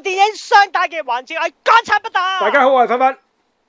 電影上打嘅環節係乾柴不打。大家好、啊，我係分分。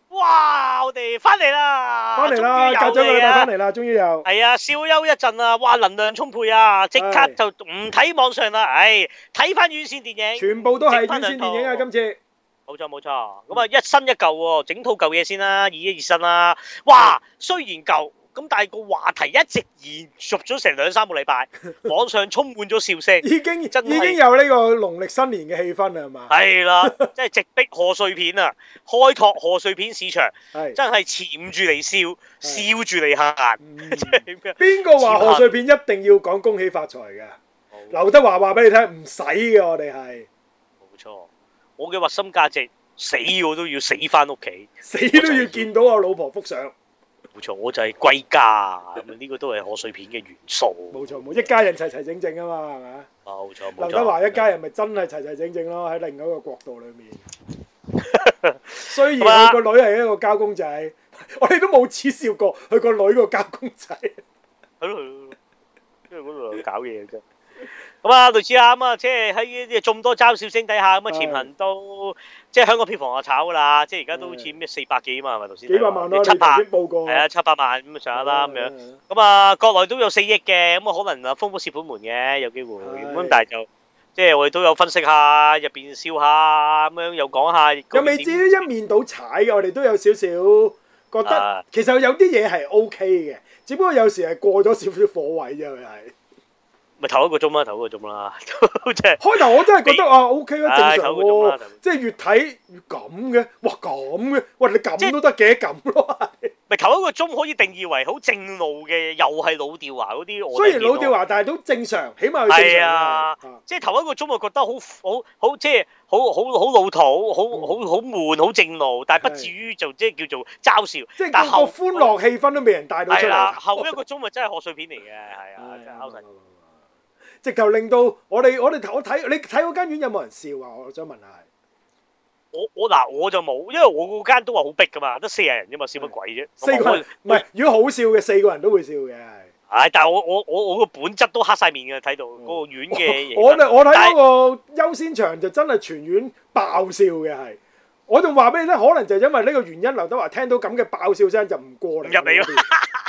哇，我哋翻嚟啦，翻嚟啦，隔咗個禮拜翻嚟啦，終於又係啊，小休一陣啊，哇，能量充沛啊，即刻就唔睇網上啦，唉、哎，睇翻院線電影，全部都係院線電影啊，今次，冇錯冇錯，咁啊，一新一舊，整套舊嘢先啦、啊，二一二新啦、啊，哇，雖然舊。咁但係個話題一直延續咗成兩三個禮拜，網上充滿咗笑聲， 已經已經有呢個農曆新年嘅氣氛啦，係嘛、right? exactly？係啦，即係直逼賀歲片啊，開拓賀歲片市場，係 真係潛住嚟笑，笑住嚟行，即係邊個話賀歲片一定要講恭喜發財嘅？劉好德華話俾你聽，唔使嘅，我哋係冇錯，錯我嘅核心價值，死我都要，要死翻屋企， 死都要見到我老婆幅相。冇錯，我就係歸家咁啊！呢個都係賀歲片嘅元素。冇 錯，冇一家人齊齊整整啊嘛，係咪啊？冇錯，冇錯。劉德華的一家人咪真係齊齊整整咯，喺另一個角度裡面。 雖然佢個 女係一個交公仔，我哋都冇恥笑過佢個女個交公仔。喺度，因為嗰度搞嘢啫。咁啊，類似啊，咁啊，即係喺眾多嘲笑聲底下咁啊，潛行到即係香港票房啊，炒㗎啦，即係而家都好似咩四百幾啊嘛，係咪頭先？幾百萬啦，你曾經報過係啊，七百萬咁啊，上下啦咁樣。咁啊，國內都有四億嘅，咁啊，可能啊，封蝕本門嘅，有機會咁，但係就即係我哋都有分析下，入邊笑下咁樣，又講下，又未至於一面倒踩嘅，我哋都有少少覺得。其實有啲嘢係 OK 嘅，只不過有時係過咗少少火位啫，又係。咪頭一個鐘啊，頭一個鐘啦，即係開頭我真係覺得啊，O K 啦，正常喎。即係越睇越咁嘅，哇咁嘅，喂你咁都得幾咁咯。咪頭一個鐘可以定義為好正路嘅，又係老掉牙嗰啲。雖然老掉牙，但係都正常，起碼係啊。即係頭一個鐘我覺得好好好，即係好好好老土，好好好悶，好正路，但係不至於就即係叫做嘲笑。即係個歡樂氣氛都未人帶到出嚟。後一個鐘咪真係賀歲片嚟嘅，係啊，真係直頭令到我哋我哋我睇你睇嗰間院有冇人笑啊？我想問下，我我嗱我就冇，因為我嗰間都話好逼噶嘛，得四,四個人啫嘛，笑乜鬼啫？四個人唔係，如果好笑嘅，四個人都會笑嘅。係、哎、但係我我我我個本質都黑晒面嘅，睇到嗰、嗯、個院嘅。我我是我睇嗰個優先場就真係全院爆笑嘅係。我仲話俾你咧，可能就因為呢個原因，劉德華聽到咁嘅爆笑聲就唔過嚟，唔入嚟咯。那些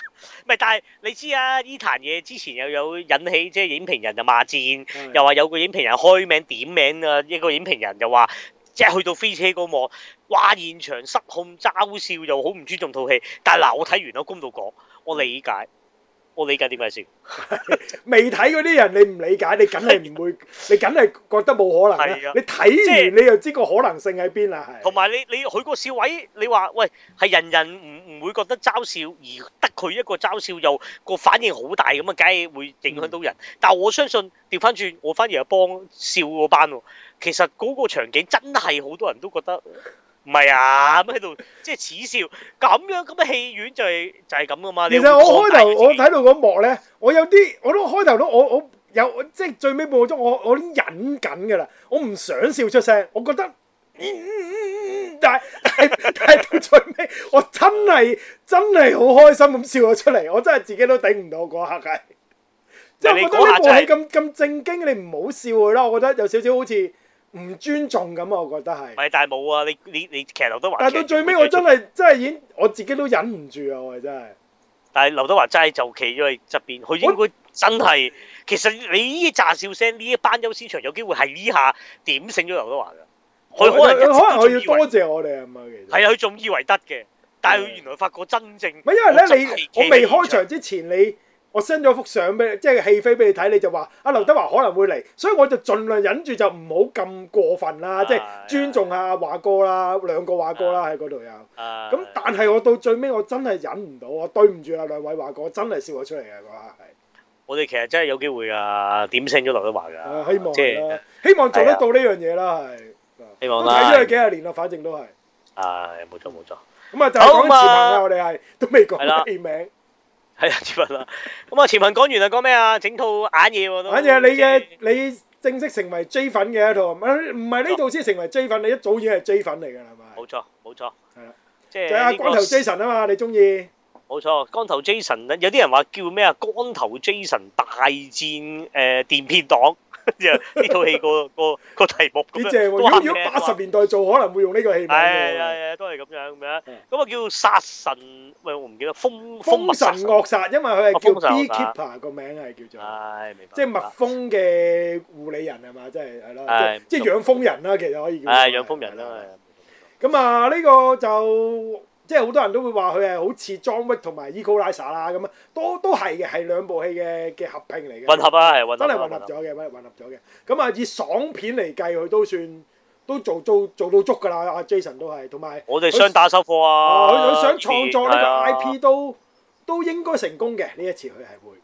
咪但係你知啊，呢壇嘢之前又有引起即係影評人就罵戰，嗯、又話有個影評人開名點名啊，一個影評人就話即係去到飛車嗰幕，哇，現場失控嘲笑又好唔尊重套戲。但係嗱，我睇完啦，公道講，我理解。我理解點解笑，未睇嗰啲人，你唔理解，你梗係唔會， 你梗係覺得冇可能咧。的你睇完，就是、你又知個可能性喺邊啦。同埋你你佢個笑位，你話喂，係人人唔唔會覺得嘲笑，而得佢一個嘲笑又個反應好大咁啊，梗係會影響到人。嗯、但我相信調翻轉，我反而係幫笑嗰班喎。其實嗰個場景真係好多人都覺得。唔係啊，咁喺度即係恥笑，咁樣咁嘅戲院就係就係咁噶嘛。其實我開頭我睇到個幕咧，我有啲我都開頭都我我有即係最尾半個鐘我已經忍緊噶啦，我唔想笑出聲，我覺得，嗯嗯，但係睇到最尾我真係真係好開心咁笑咗出嚟，我真係自己都頂唔到嗰刻嘅。即係你覺得呢部戲咁咁正經，你唔好笑佢啦，我覺得有少少好似。唔尊重咁，我覺得係。咪但係冇啊！你你你其實劉德華。但係到最尾，我真係真係已經我自己都忍唔住啊！我真係。但係劉德華真係就企咗喺側邊，佢應該我真係 其實你呢啲炸笑聲，呢一班優先場有機會係呢下點醒咗劉德華嘅。佢可能可能係要多謝，謝我哋啊嘛，其實。係啊，佢仲以為得嘅，但係佢原來發覺真正真站在站在。唔係因為咧，你我未開場之前你。我 send 咗幅相俾你，即係戲飛俾你睇，你就話阿劉德華可能會嚟，所以我就盡量忍住就唔好咁過分啦，即係尊重下華哥啦，兩個華哥啦喺嗰度啊。咁但係我到最尾我真係忍唔到啊，對唔住啊兩位華哥，真係笑咗出嚟啊，我係。我哋其實真係有機會噶，點 send 咗劉德華噶？希望即係希望做得到呢樣嘢啦，係。希望啦，睇咗佢幾廿年啦，反正都係。誒，冇錯冇錯。咁啊，就係講前朋啊，我哋係都未講起名。係啊，前文啦。咁啊，前文講完啦，講咩啊？整套眼嘢喎都。反正你嘅你正式成為 J 粉嘅一套。唔唔係呢度先成為 J 粉，你一早已係 J 粉嚟嘅係咪？冇錯，冇錯。係啊，即係。就光頭 Jason 啊嘛，你中意？冇錯，光頭 Jason。有啲人話叫咩啊？光頭 Jason 大戰誒電騙黨，呢套戲個個個題目。你如果八十年代做可能會用呢個戲名。都係咁樣咁樣。咁啊叫殺神。我唔記得蜂、蜂神惡殺，因為佢係叫 Beekeeper 個名係叫做，哎、明白即係蜜蜂嘅護理人係嘛，哎、即係係啦，即係養蜂人啦，其實可以叫。係養、哎、蜂人啦，咁啊呢個就即係好多人都會話佢係好似《John Wick》同埋、e《Equalizer》啦，咁啊都都係嘅，係兩部戲嘅嘅合拼嚟嘅。混合啊，嗯、真係混合咗嘅，混合咗嘅。咁啊以爽片嚟計，佢都算。都做做做到足噶啦，阿 Jason 都係，同埋我哋想打收貨啊，佢想創作呢個 IP，都都應該成功嘅，呢一次佢係會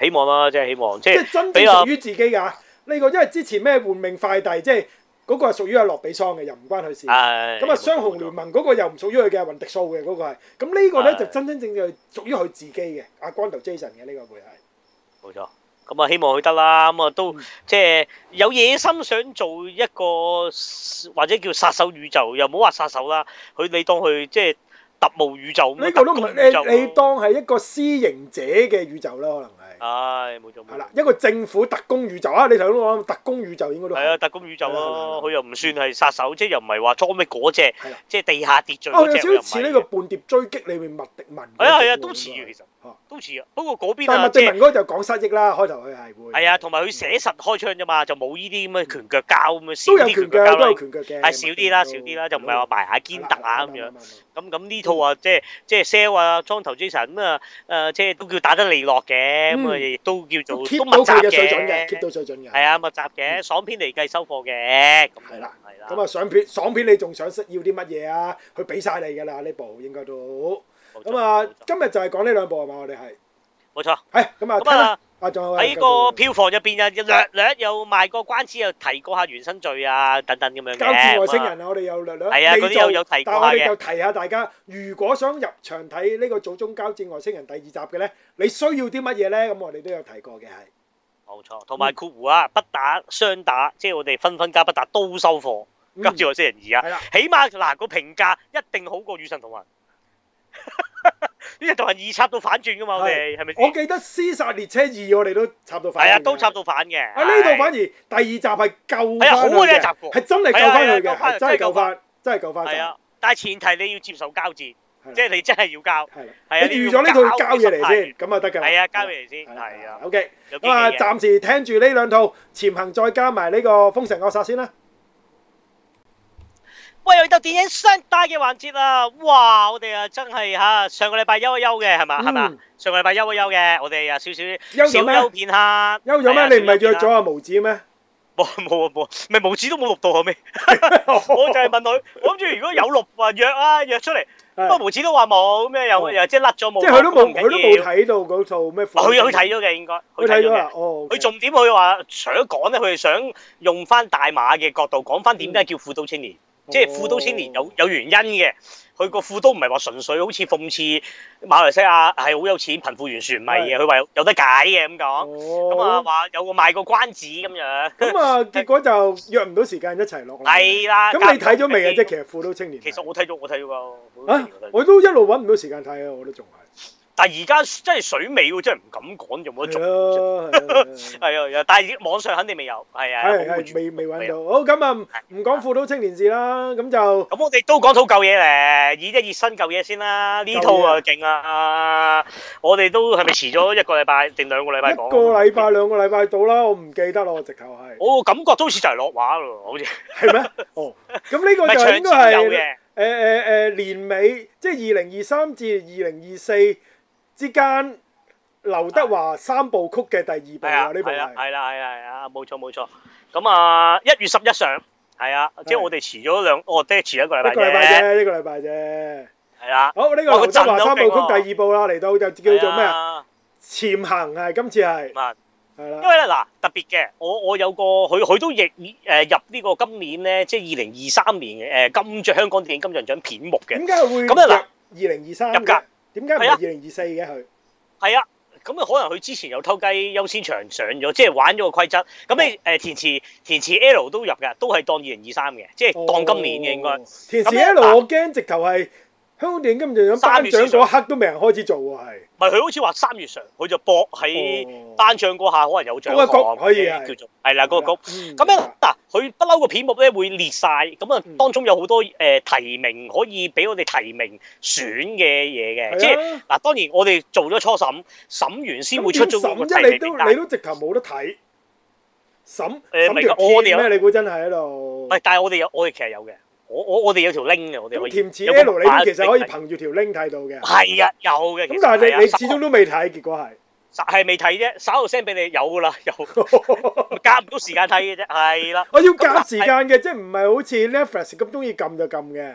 誒希望啦，即係希望即係真正屬於自己㗎呢個，因為之前咩換命快遞即係嗰個係屬於阿洛比桑嘅，又唔關佢事。咁啊，雙雄聯盟嗰個又唔屬於佢嘅，雲迪數嘅嗰個係。咁呢個咧就真真正正屬於佢自己嘅，阿光頭 Jason 嘅呢個會係冇錯。咁啊，希望佢得啦。咁啊，都即係有野心，想做一個或者叫殺手宇宙，又唔好話殺手啦。佢你當佢即係特務宇宙，呢個都唔係你，你當係一個私營者嘅宇宙啦，可能。唉，冇錯。係啦，一個政府特工宇宙啊！你頭先講特工宇宙應該都係啊，特工宇宙咯，佢又唔算係殺手啫，又唔係話裝咩嗰隻，即係地下秩序哦，有少少似呢個《半碟追擊》裡面麥迪文。係啊係啊，都似嘅其實，都似嘅。不過嗰邊啊，即係麥迪文就講失憶啦，開頭佢係會。係啊，同埋佢寫實開槍啫嘛，就冇呢啲咁嘅拳腳交咁嘅少啲拳腳交啦，係少啲啦，少啲啦，就唔係話埋下肩打咁樣。咁咁呢套啊，即係即係 sell 啊，莊頭 Jason 啊，誒即係都叫打得利落嘅。咁我哋亦都叫做 keep 到水準嘅，keep 到水準嘅，係啊，密集嘅，爽片嚟計收貨嘅，係、嗯、啦，係啦的，咁啊的，爽片，爽片你仲想識要啲乜嘢啊？佢俾晒你噶啦，呢部應該都，咁錯啊，錯今日就係講呢兩部係嘛？我哋係，冇錯，係咁啊。 喺個票房入邊又略略又賣過關子，又提過下原生罪啊等等咁樣嘅。交戰外星人啊，我哋又略略製造。係啊，嗰啲有有提，但係我哋就提下大家。如果想入場睇呢個《祖宗交戰外星人》第二集嘅咧，你需要啲乜嘢咧？咁我哋都有提過嘅係冇錯，同埋酷狐啊，不打雙打，即係我哋分分加不打都收貨《交戰外星人二》啊，起碼嗱個評價一定好過《與神同行》。呢一套係易插到反轉噶嘛，我哋係咪？我記得《屍殺列車二》，我哋都插到反。係啊，都插到反嘅。啊呢度反而第二集係救翻去嘅，係真係救翻去嘅，真係救翻。真係救翻。係啊，但係前提你要接受交戰，即係你真係要交。係啦，你預咗呢套交嘢嚟先，咁啊得噶啦。係啊，交嘢嚟先。係啊，OK。咁啊，暫時聽住呢兩套，潛行再加埋呢個《蜂神惡殺》先啦。喂，又到電影雙打嘅環節啦！哇，我哋啊真係嚇上個禮拜休一休嘅，係嘛係嘛？上個禮拜休一休嘅，我哋啊少少少休片刻。休咗咩？你唔係約咗阿毛子咩？冇啊冇啊冇，唔係，毛子都冇錄到後尾。我就係問佢，我諗住如果有錄話約啊約出嚟，不過毛子都話冇，咁樣又又即係甩咗毛。即係佢都冇，佢都冇睇到嗰套咩？佢佢睇咗嘅應該，佢睇咗嘅。哦，佢重點佢話，除咗講咧，佢係想用翻大馬嘅角度講翻點解叫富都青年。即係富都青年有有原因嘅，佢個富都唔係話純粹好似諷刺馬來西亞係好有錢貧富懸殊唔係嘅，佢話的有，有得解嘅咁講，咁啊話有個賣個關子咁樣。咁啊結果就約唔到時間一齊落。係啦的。咁你睇咗未啊？即係其實富，富都青年》。其實我睇咗，我睇咗我都一路搵唔到時間睇啊！我都仲係。但而家真係水尾喎，真係唔敢講，有冇得做？係咯，係啊，但係網上肯定未有，係啊，未未揾到。好，咁啊，唔講富都青年事啦，咁就咁，我哋都講套舊嘢咧，以一熱身舊嘢先啦。呢套啊勁啊！我哋都係咪遲咗一個禮拜定兩個禮拜講？一個禮拜兩個禮拜到啦，我唔記得啦，我直頭係。我感覺都好似就係落畫咯，好似係咩？哦，咁呢個就應該係誒誒誒年尾，即係二零二三至二零二四。之間劉德華三部曲嘅第二部啊，呢部係係啦係啦係啊，冇錯冇錯。咁啊，一月十一上係啊，即係我哋遲咗兩，我哋遲咗一個禮拜一個禮拜啫，一個禮拜啫。係啦，好呢個劉德華三部曲第二部啦，嚟到就叫做咩啊？潛行係，今次係，係啦。因為咧嗱，特別嘅，我我有個佢佢都亦誒入呢個今年咧，即係二零二三年誒金像香港電影金像獎片目嘅。點解會咁咧？嗱，二零二三入格。點解唔係啊，二零二四嘅佢？係啊，咁啊可能佢之前有偷雞優先場上咗，即係玩咗個規則。咁、哦、你誒、呃、填詞填詞 L 都入嘅，都係當二零二三嘅，即係當今年嘅應該。哦、填詞 L, 麼 L 我驚直頭係。香港電影根本就有單獎咗，黑都未人開始做喎，係。唔係佢好似話三月上，佢就搏喺單獎嗰下，可能有獎。嗰個局可以叫做係啦，嗰個局。咁樣嗱，佢不嬲個片目咧會列晒，咁啊當中有好多誒提名可以俾我哋提名選嘅嘢嘅。即係嗱，當然我哋做咗初審，審完先會出咗嗰個提名單。咁點審？你都你都直頭冇得睇。審誒，我哋咩？你估真係喺度？喂，但係我哋有，我哋其實有嘅。我我我哋有條 link 嘅，我哋咁甜似 L，你都其實可以憑住條 link 睇的到嘅。係啊，有嘅。咁但係你的你始終都未睇，結果係實係未睇啫，稍後 send 俾你有噶啦，有夾唔到時間睇嘅啫，係啦。 我要夾時間嘅，即係唔係好似 Netflix 咁中意撳就撳嘅。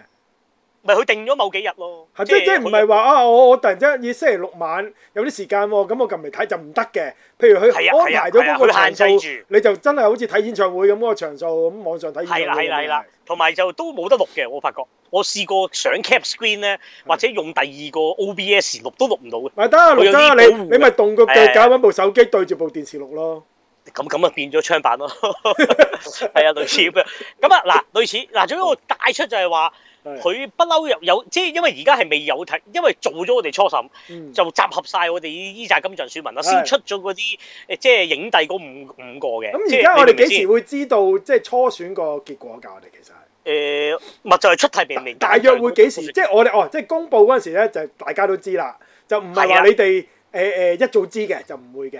咪佢定咗某幾日咯，即係即係唔係話啊！我我突然之間要星期六晚有啲時間，咁我近嚟睇就唔得嘅。譬如佢係啊係啊係限制住你就真係好似睇演唱會咁個場數咁網上睇。係啦係啦係啦，同埋就都冇得錄嘅。我發覺我試過上 cap screen 咧，或者用第二個 OBS 錄都錄唔到嘅。係得盧生，你你咪動個腳搞緊部手機對住部電視錄咯。咁咁啊變咗槍版咯，係啊類似咁啊嗱類似嗱，總之我帶出就係話。佢不嬲有有，即係因為而家係未有睇，因為做咗我哋初審，嗯、就集合晒我哋依啲金像選民啦，的先出咗嗰啲誒，即係影帝嗰五五個嘅。咁而家我哋幾時會知道即係初選個結果㗎？我哋其實係咪、呃、就係、是、出題明未？大約會幾時？未即係我哋哦，即係公佈嗰陣時咧，就大家都知啦，就唔係話你哋誒誒一早知嘅，就唔會嘅。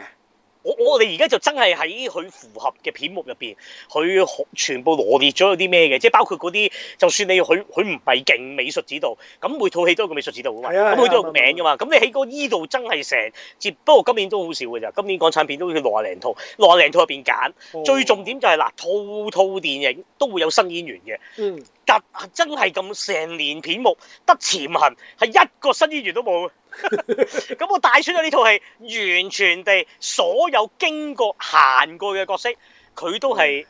我哋而家就真係喺佢符合嘅片目入邊，佢全部羅列咗有啲咩嘅？即係包括嗰啲，就算你佢佢唔係勁美術指導，咁每套戲都有個美術指導㗎嘛，咁佢都有個名㗎嘛。咁、啊、你喺嗰依度真係成接，不過今年都好少嘅咋。今年港產片都攞廿零套，攞廿零套入邊揀，哦、最重點就係、是、嗱，套套電影都會有新演員嘅。嗯，但真係咁成年片目得潛行係一個新演員都冇。咁、 嗯、我帶出咗呢套戲，完全地所有經過行過嘅角色，佢都係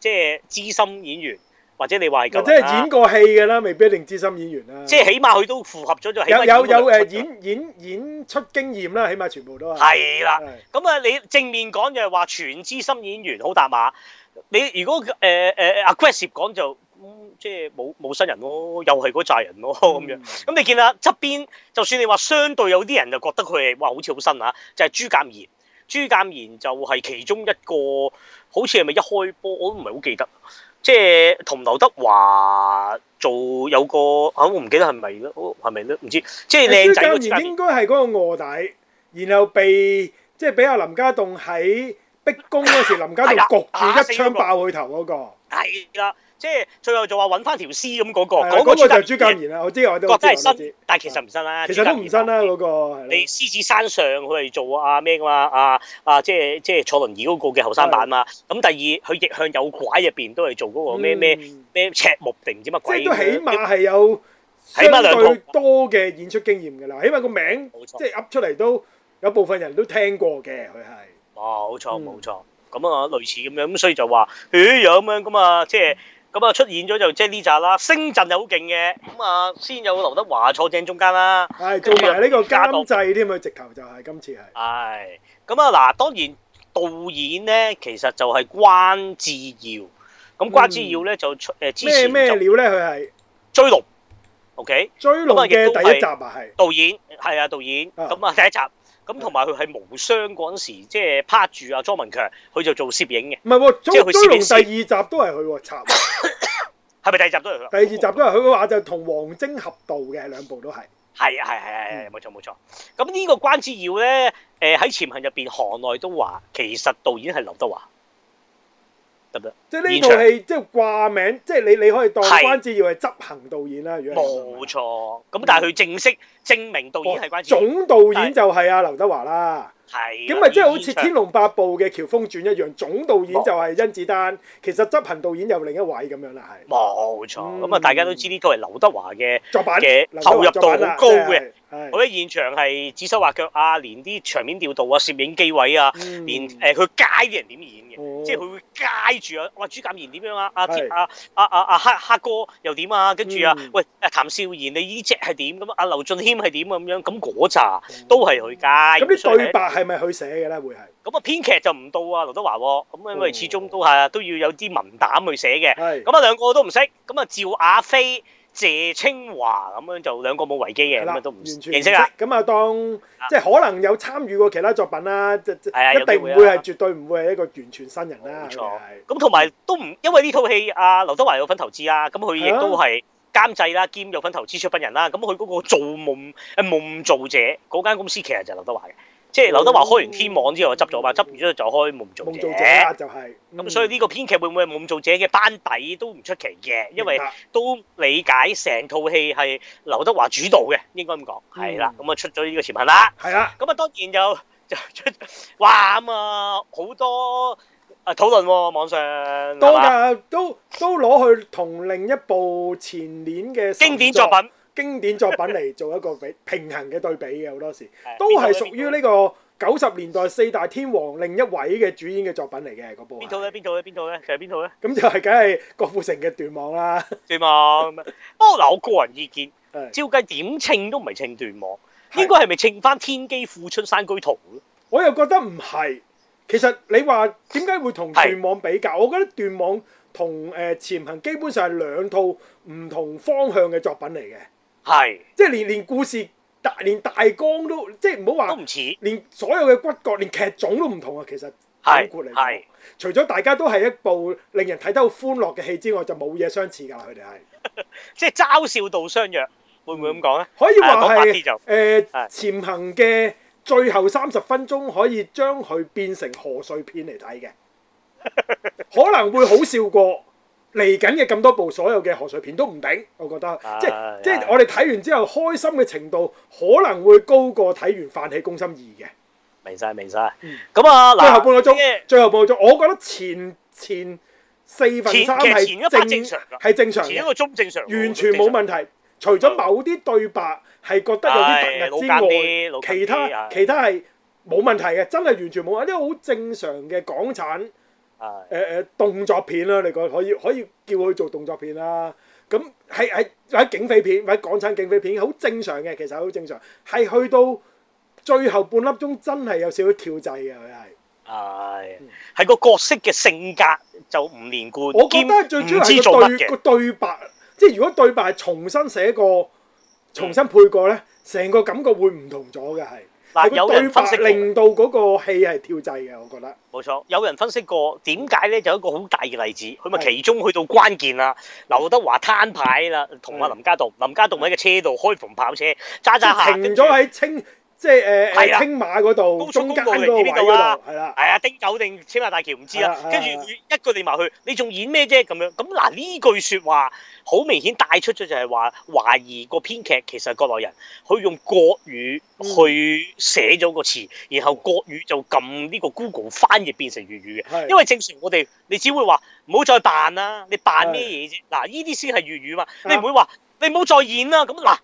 即係資深演員，或者你話係咁，即係演過戲嘅啦，未必一定資深演員啦。即係起碼佢都符合咗咗，有有有誒演演演出經驗啦，起碼全部都係啦。咁啊是，你正面講就係話全資深演員好搭馬。你如果誒誒 Aggressive 講就。嗯、即係冇冇新人咯、啊，又係嗰扎人咯、啊、咁樣。咁、嗯嗯、你見下側邊，就算你話相對有啲人就覺得佢係哇好似好新嚇、啊，就係、是、朱鑑賢。朱鑑賢就係其中一個，好似係咪一開波我都唔係好記得。即係同劉德華做有個，嚇、啊、我唔記得係咪咯？係咪都唔知。即係靚仔嗰陣。朱鑑賢應該係嗰個卧底，然後被即係俾阿林家棟喺逼宮嗰時，林家棟焗住一槍爆佢頭嗰個。係啦。啊。即係最後就話揾翻條屍咁嗰個，嗰、啊、個就朱教賢啦。我知我都覺得係新，但係其實唔新啦。其實都唔新啦、啊、嗰、嗰個。啊、你獅子山上佢係做啊咩噶、啊啊啊啊、嘛？啊啊即係即係坐輪椅嗰個嘅後生版嘛。咁第二佢逆向誘拐入邊都係做嗰個咩咩咩赤木定唔知乜鬼，都起碼係有相對多嘅演出經驗㗎啦。起碼個名即係噏出嚟都有部分人都聽過嘅。佢係。冇好錯冇錯。咁啊、嗯，類似咁樣咁，所以就話咦又咁樣㗎啊，即係。就是咁啊，出現咗就即係呢集啦，星陣就好勁嘅，咁啊先有劉德華坐正中間啦，係做埋呢個監製添啊，直頭就係、是、今次係。係，咁啊嗱，當然導演咧，其實就係關智耀，咁關智耀咧就出誒、嗯、之前咩咩料咧，佢係追龍，OK，追龍嘅 Okay? 第一集啊，係導演，係啊導演，咁啊第一集。咁同埋佢係無雙嗰陣時，即係拍住阿莊文強，佢就做攝影嘅。唔係，即係佢攝影第二集都係佢喎，插。係咪 第二集都係？第二集都係佢嘅話，哦、我我就同王晶合導嘅咳告兩部都係。係啊，係係係係，冇錯冇錯。咁呢、啊啊啊啊啊嗯、個關智耀咧，誒、呃、喺潛行入邊，行內都話其實導演係劉德華。即係呢套戲，場即係掛名，即係你你可以當關智耀係執行導演啦。是如果冇錯，咁、嗯、但係佢正式、正名導演係關，總導演就係阿劉德華啦。係咁啊！即係好似《天龍八部》嘅《喬峯傳》一樣，總導演就係甄子丹，其實執行導演有另一位咁樣啦，係。冇錯。咁啊，大家都知呢個係劉德華嘅作品嘅投入度好高嘅。我喺現場係指手畫腳啊，連啲場面調度啊、攝影機位啊，連誒佢街啲人點演嘅，即係佢會街住啊！哇，朱駿賢點樣啊？阿阿阿阿黑黑哥又點啊？跟住啊，喂，譚少賢你呢隻係點咁啊？阿劉俊謙係點咁樣？咁嗰扎都係佢街。咁啲對白係咪佢寫嘅咧？會係咁啊？編劇就唔到啊，劉德華咁啊，因為始終都係都要有啲文膽去寫嘅。係咁啊，兩個都唔識，咁啊，趙雅菲、謝清華咁樣就兩個冇維基嘅，咁啊都唔認識啊。咁啊，當即可能有參與過其他作品啦，係啊，一定唔會係絕對唔會係一個完全新人啦。冇錯，咁同埋都唔因為呢套戲啊，劉德華有份投資啦，咁佢亦都係監製啦，兼有份投資出品人啦。咁佢嗰個做夢誒夢造者嗰間公司，其實就係劉德華嘅。即係劉德華開完《天網》之後執咗嘛，執完之後就開《夢造、嗯嗯嗯嗯嗯嗯、者》就係，就係咁，所以呢個編劇會唔會係夢造者嘅班底都唔出奇嘅，因為都理解成套戲係劉德華主導嘅，應該咁講，係啦，咁啊、嗯嗯嗯、出咗呢個《潛行者》，係啦，咁啊當然就就出哇咁啊好多啊討論喎、啊、網上，多噶的吧，都都攞去同另一部前年嘅經典作品。經典作品嚟做一個比平衡嘅對比嘅，好多時都係屬於呢個九十年代四大天王另一位嘅主演嘅作品嚟嘅嗰部。邊套咧？邊套咧？邊套咧？其實邊套咧？咁就係梗係郭富城嘅《斷網》啦，《斷網》。不過嗱，我個人意見，是照計點稱都唔係稱《斷網》是，應該係咪稱翻《天機富春山居圖》咯？我又覺得唔係。其實你話點解會同《斷網》比較？是我覺得《斷網》同誒《潛行》基本上係兩套唔同方向嘅作品嚟嘅。係，是即係連連故事大連大綱都即係唔好話，都唔似，連所有嘅骨骼、連劇種都唔同啊！其實係，係是，是除咗大家都係一部令人睇得好歡樂嘅戲之外，就冇嘢相似噶啦。佢哋係， 即係嘲笑到相若，會唔會咁講咧？可以話係誒，潛、 呃、行嘅最後三十分鐘可以將佢變成賀歲片嚟睇嘅， 可能會好笑過。嚟緊嘅咁多部所有嘅賀歲片都唔頂，我覺得，即係即係我哋睇完之後開心嘅程度可能會高過睇完《飯氣攻心二》嘅。明晒，明晒，咁啊最後半個鐘，最後半個鐘，我覺得前前四分三係正常嘅，係正常嘅，前一個鐘正常，完全冇問題。除咗某啲對白係覺得有啲突兀之外，其他其他係冇問題嘅，真係完全冇啊！啲好正常嘅港產，誒誒、呃、動作片啦，你覺可以可以叫佢做動作片啦。咁係係喺警匪片，喺港產警匪片，好正常嘅，其實好正常。係去到最後半粒鐘，真係有少少跳掣嘅佢係。係係是、嗯、個角色嘅性格就唔連貫。我覺得最主要係個對個對白，即係如果對白係重新寫過、重新配過咧，成、嗯、個感覺會唔同咗嘅係。有人分析令到嗰個戲係跳掣嘅，我覺得冇錯。有人分析過點解咧？就一個好大嘅例子，佢咪是其中去到關鍵啦。劉德華攤牌啦，同阿林家棟，是林家棟喺個車度開篷跑車，揸揸停咗喺清。即係啊，青馬嗰度，高速公路定喺邊度啊？係啦，係啊，汀九定青馬大橋唔知啊。跟住一個嚟埋去，你仲演咩啫？咁樣咁嗱，呢句説話好明顯帶出咗，就係話懷疑個編劇其實係國內人，佢用國語去寫咗個詞，然後國語就撳呢個 Google 翻譯變成粵語嘅。因為正常我哋你只會話唔好再扮啦，你扮咩嘢啫？嗱，呢啲先係粵語嘛，你唔會話你唔好再演啦。咁嗱。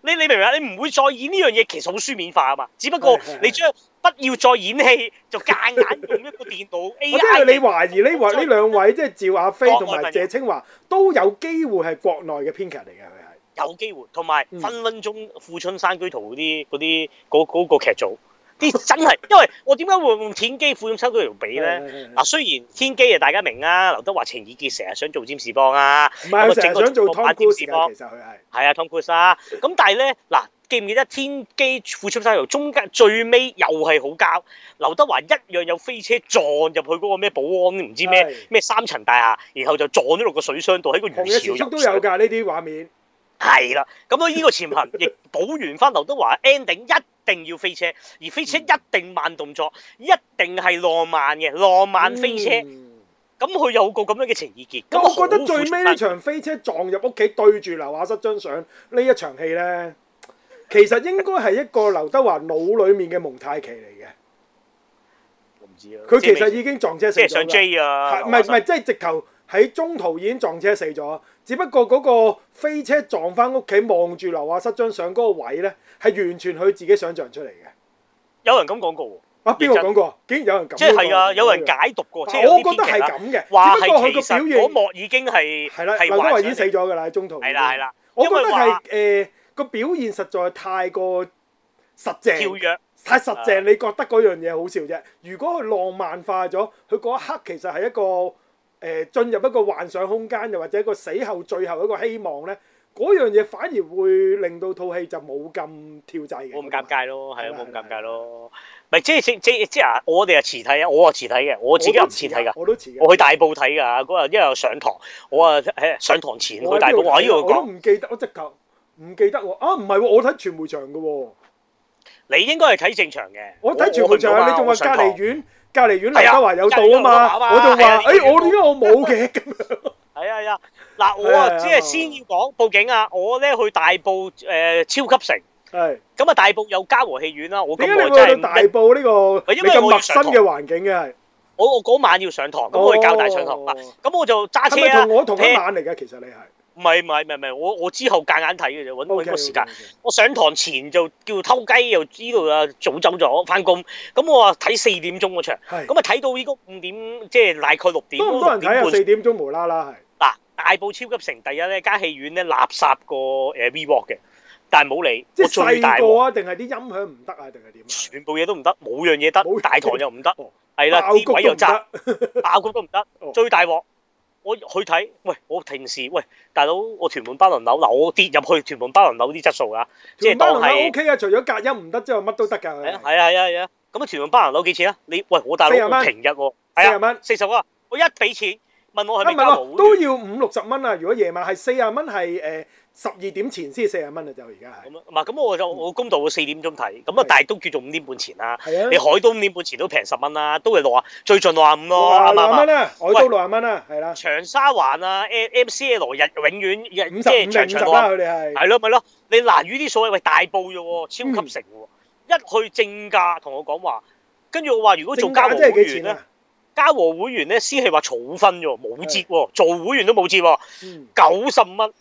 你你明唔明啊？你唔會再演呢樣嘢，其實好書面化啊嘛。只不過你將不要再演戲， 就夾硬用一個電腦 AI。 我係你懷疑呢懷呢兩位即係、就是、趙阿飛同埋謝清華都有機會係國內嘅編劇嚟嘅，佢係有機會，同埋分分鐘《富春山居圖》嗰啲啲嗰嗰個劇組。啲 真係，因為我點解會用天機富士山嗰條俾咧？嗱，雖然天機啊，大家明啊，劉德華情意結成日想做占士邦啊，唔係佢成日想做 Tom Cruise 㗎，其實佢係係啊 Tom Cruise 啊，咁但係咧嗱，記唔記得天機富士山嗰條中間最尾又係好膠？劉德華一樣有飛車撞入去嗰個咩保安唔知咩咩是三層大廈，然後就撞咗落個水箱度喺個魚池度。狂野時速都有㗎呢啲畫面，係啦，咁啊呢個潛行亦補完翻劉德華 ending 一。End 一定要飛車，而飛車一定慢動作，嗯、一定係浪漫嘅浪漫飛車。咁佢、嗯、有個咁樣嘅情意結。我覺得最尾呢場飛車撞入屋企對住劉雅瑟張相呢一場戲呢，其實應該係一個劉德華腦裏面嘅蒙太奇嚟嘅。佢、啊、其實已經撞車死咗啦。啊，唔係唔係，即係、啊就是、直頭喺中途已經撞車死咗，只不過嗰個飛車撞翻屋企望住劉雅瑟張相嗰個位呢。係完全佢自己想象出嚟嘅，有人咁講過喎。啊，邊個講過？竟然有人咁，即係啊，有人解讀過。我覺得係咁嘅，只不過佢個表現嗰幕已經係係啦，劉德華已經死咗噶啦，中途係啦係啦。我覺得係誒個表現實在太過實淨，跳躍，太實淨。你覺得嗰樣嘢好笑啫。如果佢浪漫化咗，佢嗰一刻其實係一個誒進入一個幻想空間，又或者一個死後最後一個希望咧。嗰樣嘢反而會令到套戲就冇咁跳掣嘅，冇咁尷尬咯，係啊，冇咁尷尬咯。咪，係即即即即啊！我哋係遲睇啊，我啊遲睇嘅，我自己又遲睇㗎，我都遲我去大埔睇㗎。嗰日因為我上堂，我啊喺上堂前去大埔。我呢個我都唔記得，我即刻唔記得喎。啊，唔係喎，我睇傳媒場嘅喎。你應該係睇正場嘅，我睇傳媒場啊！你仲話隔離院，隔離院黎家華有到啊嘛？我仲話誒，我點解我冇嘅咁樣？係啊係啊，嗱我啊，只係先要講報警啊！我咧去大埔誒、呃、超級城，係咁啊，大埔有嘉禾戲院啦，我咁我就去大埔呢個，因為陌生嘅環境嘅係，我我嗰晚要上堂，咁我去交大上堂，咁我就揸車啊，我同一晚嚟嘅，其實你係。唔係唔係唔係，我我之後隔眼睇嘅啫，揾到個時間。我上堂前就叫偷雞，又知道啊早走咗翻工。咁我話睇四點鐘嗰場，咁啊睇到依個五點，即係大概六點半。四點鐘無啦啦係。嗱，大埔超級城第一咧間戲院咧，垃圾個誒 V Walk 嘅，但係冇理。即係細個啊？定係啲音響唔得啊？定係點啊？全部嘢都唔得，冇樣嘢得，大堂又唔得，係啦，啲位又窄。爆谷都唔得，最大鑊。我去睇，喂！我平時喂，大佬，我屯門巴倫樓，嗱，我跌入去屯門巴倫樓啲質素噶，即係當係屯門巴倫樓 O K 啊，除咗隔音唔得之外，乜都得噶。哎，係啊，係啊，係啊，咁啊，啊屯門巴倫樓幾錢啊？你喂我大佬平日，係啊，四十蚊，我一俾錢。問我係咪交樓都要五六十蚊啊？如果夜晚係四啊蚊，係誒十二點前先四啊蚊啊，就而家係。唔係咁，我我我公道，我四點鐘睇，咁啊，但係都叫做五點半前啦。係啊，你海都五點半前都平十蚊啦，都係六啊，最盡六啊五咯，啱唔啱啊？六啊五蚊啦，海都六啊五啦，係啦。長沙灣啊，MCL 日日永遠即係長長沙，你係係咯咪咯？你南嶼啲所謂喂大埔啫喎，超級城喎，一去正價同我講話，跟住我話如果做交樓，真係幾錢啊？嘉禾會員咧先係話儲分喎，冇折喎，做會員都冇折喎，九十蚊，元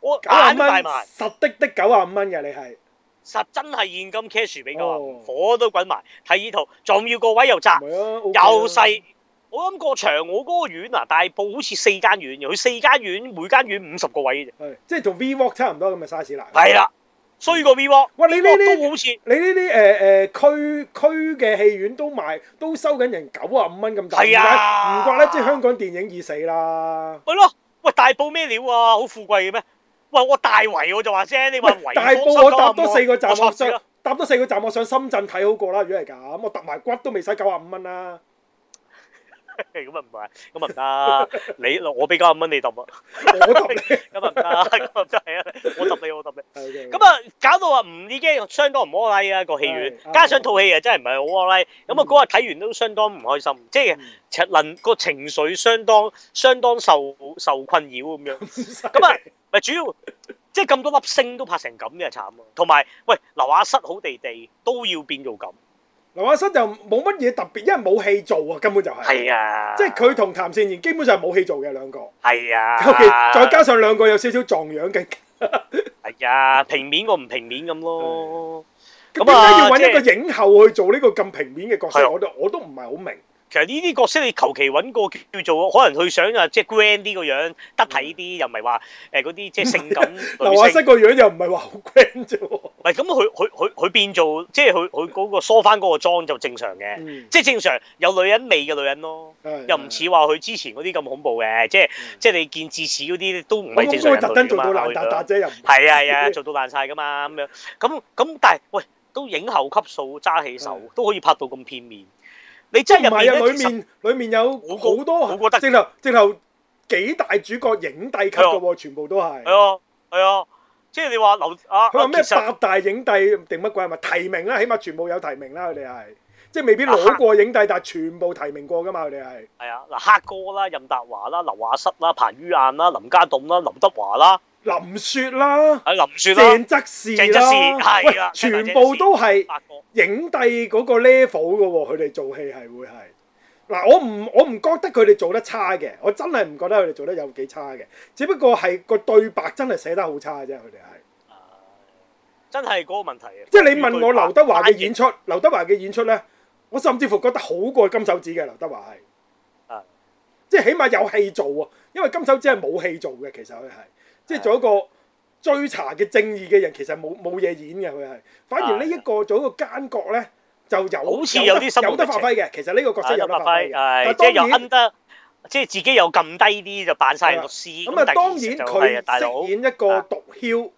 我眼都大埋，實的的九啊五蚊嘅你係實真係現金 cash 俾我，哦、火都滾埋。睇呢套仲要個位又窄又細、啊 okay 啊，我諗個場我嗰個院啊，大埔好似四間院，佢四間院每間院五十個位啫、啊，即係同 V Walk 差唔多咁嘅 size 嚟。係啦。衰過 v i 你呢啲都好似，你呢啲誒誒區區嘅戲院都賣，都收緊人九啊五蚊咁大，係啊，唔怪得即係香港電影已死啦。喂咯，喂大埔咩料啊？好富貴嘅咩？喂我大圍我就話啫，你話大埔我搭多四個站，我搭多四個站我上深圳睇好過啦。如果係咁，我搭埋骨都未使九啊五蚊啦。咁啊唔係，咁啊唔得，你我俾九十蚊你揼啊，咁啊唔得，咁就真係啊，我揼你，我揼你， 你，咁啊 搞到話唔已經相當唔 high 啊個戲院，對加上套戲啊真係唔係好 high，咁啊嗰日睇完都相當唔開心，即係尺輪個情緒相當相當受受困擾咁樣，咁啊咪主要即係咁多粒星都拍成咁嘅慘，同埋喂，樓下室好地地都要變做咁。劉雅瑟就冇乜嘢特別，因為冇戲做啊，根本就係、是。係啊，即係佢同譚善言基本上冇戲做嘅兩個。係啊，再加上兩個有少少撞樣嘅。係 啊、哎，平面我唔平面咁咯。咁點解要揾一個影后去做呢個咁平面嘅角色？我我、啊、我都唔係好明。其實呢啲角色你求其揾個叫做可能佢想啊，即係 grand 啲個樣，得體啲又唔係話誒嗰啲即係性感。劉雅瑟個樣又唔係話好 grand 啫。係咁佢佢佢佢變做即係佢佢嗰個梳翻嗰個妝就正常嘅，即係正常有女人味嘅女人咯。又唔似話佢之前嗰啲咁恐怖嘅，即係即係你見智齒嗰啲都唔係正常特登做，人嚟㗎嘛。又係啊係啊，做到爛晒噶嘛咁樣。咁咁但係喂，都影後級數揸起手都可以拍到咁片面。唔係啊，裏面實裏面有好多，正頭直頭幾大主角影帝級嘅，啊、全部都係，係啊，係啊，啊，即係你話劉阿，佢話咩八大影帝定乜鬼啊？係咪？提名啦，起碼全部有提名啦，佢哋係，即係未必攞過影帝，哈但係全部提名過噶嘛，佢哋係。係啊，嗱，黑哥啦，任達華啦，劉雅瑟啦，彭于晏啦，林家棟啦，林德華啦。林雪啦，阿林雪、啊、啦，鄭則仕啦，係全部都係影帝嗰個 level 嘅，佢哋做戲係會係嗱，我唔我唔覺得佢哋做得差嘅，我真係唔覺得佢哋做得有幾差嘅，只不過係個對白真係寫得好差啫，佢哋係真係嗰個問題嘅。即係你問我劉德華嘅演出，劉、呃、德華嘅演出咧，我甚至乎覺得好過金手指嘅劉德華係，呃、即係起碼有戲做啊，因為金手指係冇戲做嘅，其實佢係。即係做一個追查嘅正義嘅人，其實冇冇嘢演嘅佢係，反而呢一個做一個奸角咧就有，好有得有得發揮嘅。其實呢個角色有得發揮，的但係即係得，即係自己又咁低啲就扮晒律師。咁啊當然佢飾演一個毒梟，的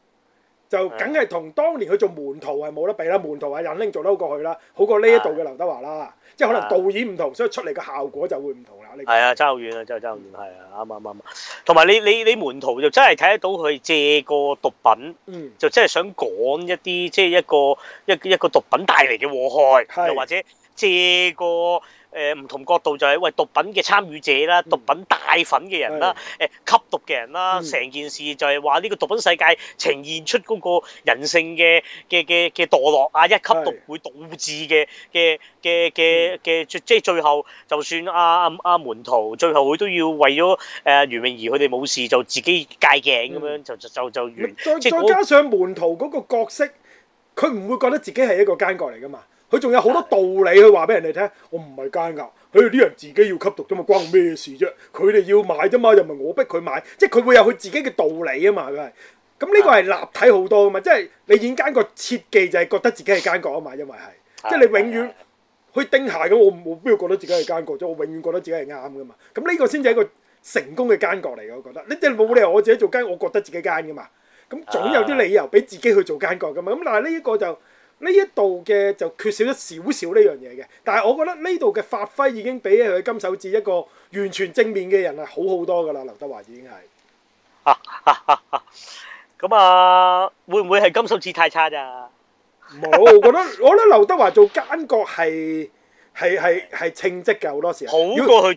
就梗係同當年佢做門徒係冇得比啦。門徒啊引拎做得好過佢啦，好過呢一度嘅劉德華啦。即係可能導演唔同，所以出嚟嘅效果就會唔同啦。你係啊，差好遠，差遠、嗯、啊，真係差好遠，係啊，啱啱啱。同埋、啊、你你你門徒就真係睇得到佢借個毒品，嗯、就真係想講一啲即係一個一個一個毒品帶嚟嘅禍害，是的 又或者借個。誒唔、呃、同角度就係、是、為毒品嘅參與者啦、嗯、毒品帶粉嘅人啦、誒的、呃、吸毒嘅人啦，成、嗯、件事就係話呢個毒品世界呈現出嗰個人性嘅嘅嘅嘅墮落啊！的一吸毒會導致嘅嘅嘅嘅嘅，嗯、即係最後就算阿阿阿門徒，最後佢都要為咗誒袁詠儀佢哋冇事，就自己戒頸咁、嗯、樣，就就就就完。再，再加上門徒嗰個角色，佢唔會覺得自己係一個奸角嚟㗎嘛。佢仲有好多道理去話俾人哋聽，我唔係奸角，佢哋啲人自己要吸毒啫嘛，關我咩事啫？佢哋要買啫嘛，又唔係我逼佢買，即係佢會有佢自己嘅道理啊嘛，佢係咁，呢個係立體好多噶嘛，即係你演奸角設計就係覺得自己係奸角啊嘛，因為係即係你永遠去盯下咁，我冇必要覺得自己係奸角，咁我永遠覺得自己係啱噶嘛。咁呢個先至係一個成功嘅奸角嚟，我覺得，你即係冇理由我自己做奸，我覺得自己奸噶嘛。咁總有啲理由俾自己去做奸角噶嘛。咁但係呢個就。呢一度嘅就缺少咗少少呢樣嘢嘅，但係我覺得呢度嘅發揮已經比佢金手指一個完全正面嘅人係好好多噶啦，劉德華已經係咁啊，會唔會係金手指太差咋？冇，我覺得我覺得劉德華做奸角係係係係稱職嘅，好多時候。如果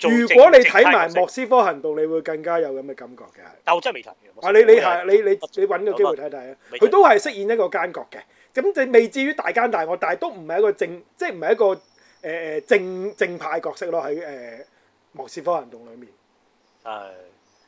你睇埋莫斯科行動，你會更加有咁嘅感覺嘅。但我真係未睇，啊你你係你你你揾個機會睇睇，佢都係飾演一個奸角嘅。咁就未至於大奸大惡，但係都唔係一個正，即係唔係一個誒誒、呃、正正派角色咯。喺誒莫斯科行動裏面，係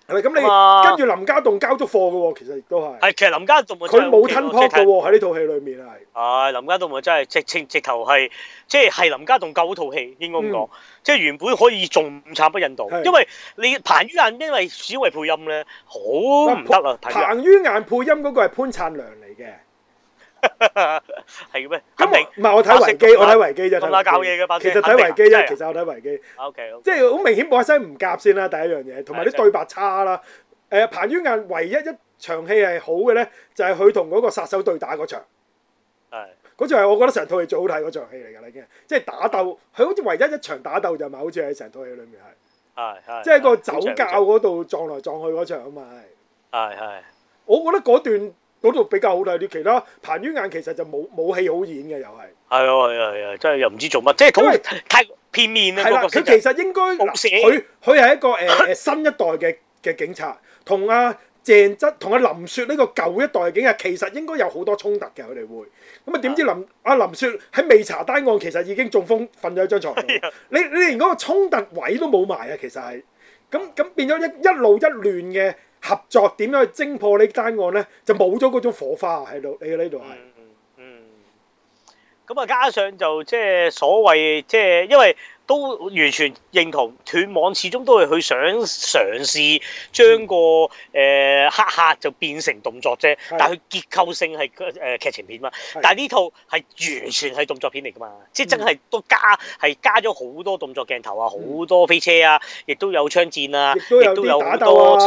係咁你跟住、啊、林家棟交咗貨嘅喎，其實亦都係係其實林家棟佢冇吞炮嘅喺呢套戲裏面係。係、啊、林家棟咪真係直情直頭係即係林家棟救套戲應該咁講。嗯、即係原本可以仲唔慘不忍睹，的因為你彭于晏因為小慧配音咧好唔得啦。啊、彭，彭于晏配音嗰個係潘燦良嚟嘅。係咩？咁唔係我睇維基，我睇維基啫。咁啊嘢嘅包，其實睇維基啫。其實我睇維基。O K，即係好明顯，本身唔夾先啦。第一樣嘢，同埋啲對白差啦。誒，彭于晏唯一一場戲係好嘅咧，就係佢同嗰個殺手對打嗰場。係。嗰場係我覺得成套戲最好睇嗰場戲嚟噶啦，已經。即係打鬥，佢好似唯一一場打鬥就係咪，好似喺成套戲裏面係。係係。即係個酒窖嗰度撞來撞去嗰場啊嘛。係係。我覺得嗰段。嗰度比較好睇啲，其他彭于晏其實就冇冇戲好演嘅，又係。係啊係啊係啊，真係又唔知做乜，即係為太片面啦。佢為其實應該，佢佢係一個誒、呃、新一代嘅嘅警察，同阿、啊、鄭則同阿林雪呢個舊一代嘅警察，其實應該有好多衝突嘅，佢哋會。咁啊點知林阿林雪喺未查單案，其實已經中風瞓咗張牀度的。 你你連嗰個衝突位都冇埋啊，其實係。咁咁變咗一一路一亂嘅。合作點樣去偵破呢單案咧，就冇咗嗰種火花喺度。你呢度係，嗯，咁、嗯、啊， 加上就即係所謂即係，因為。都完全認同斷網，始終都係佢想嘗試將個誒、呃、黑客就變成動作啫。嗯、但係佢結構性係誒、呃、劇情片嘛。嗯、但係呢套係完全係動作片嚟㗎嘛，嗯、即係真係都加係加咗好多動作鏡頭啊，好、嗯、多飛車啊，亦都有槍戰啊，亦都有好多打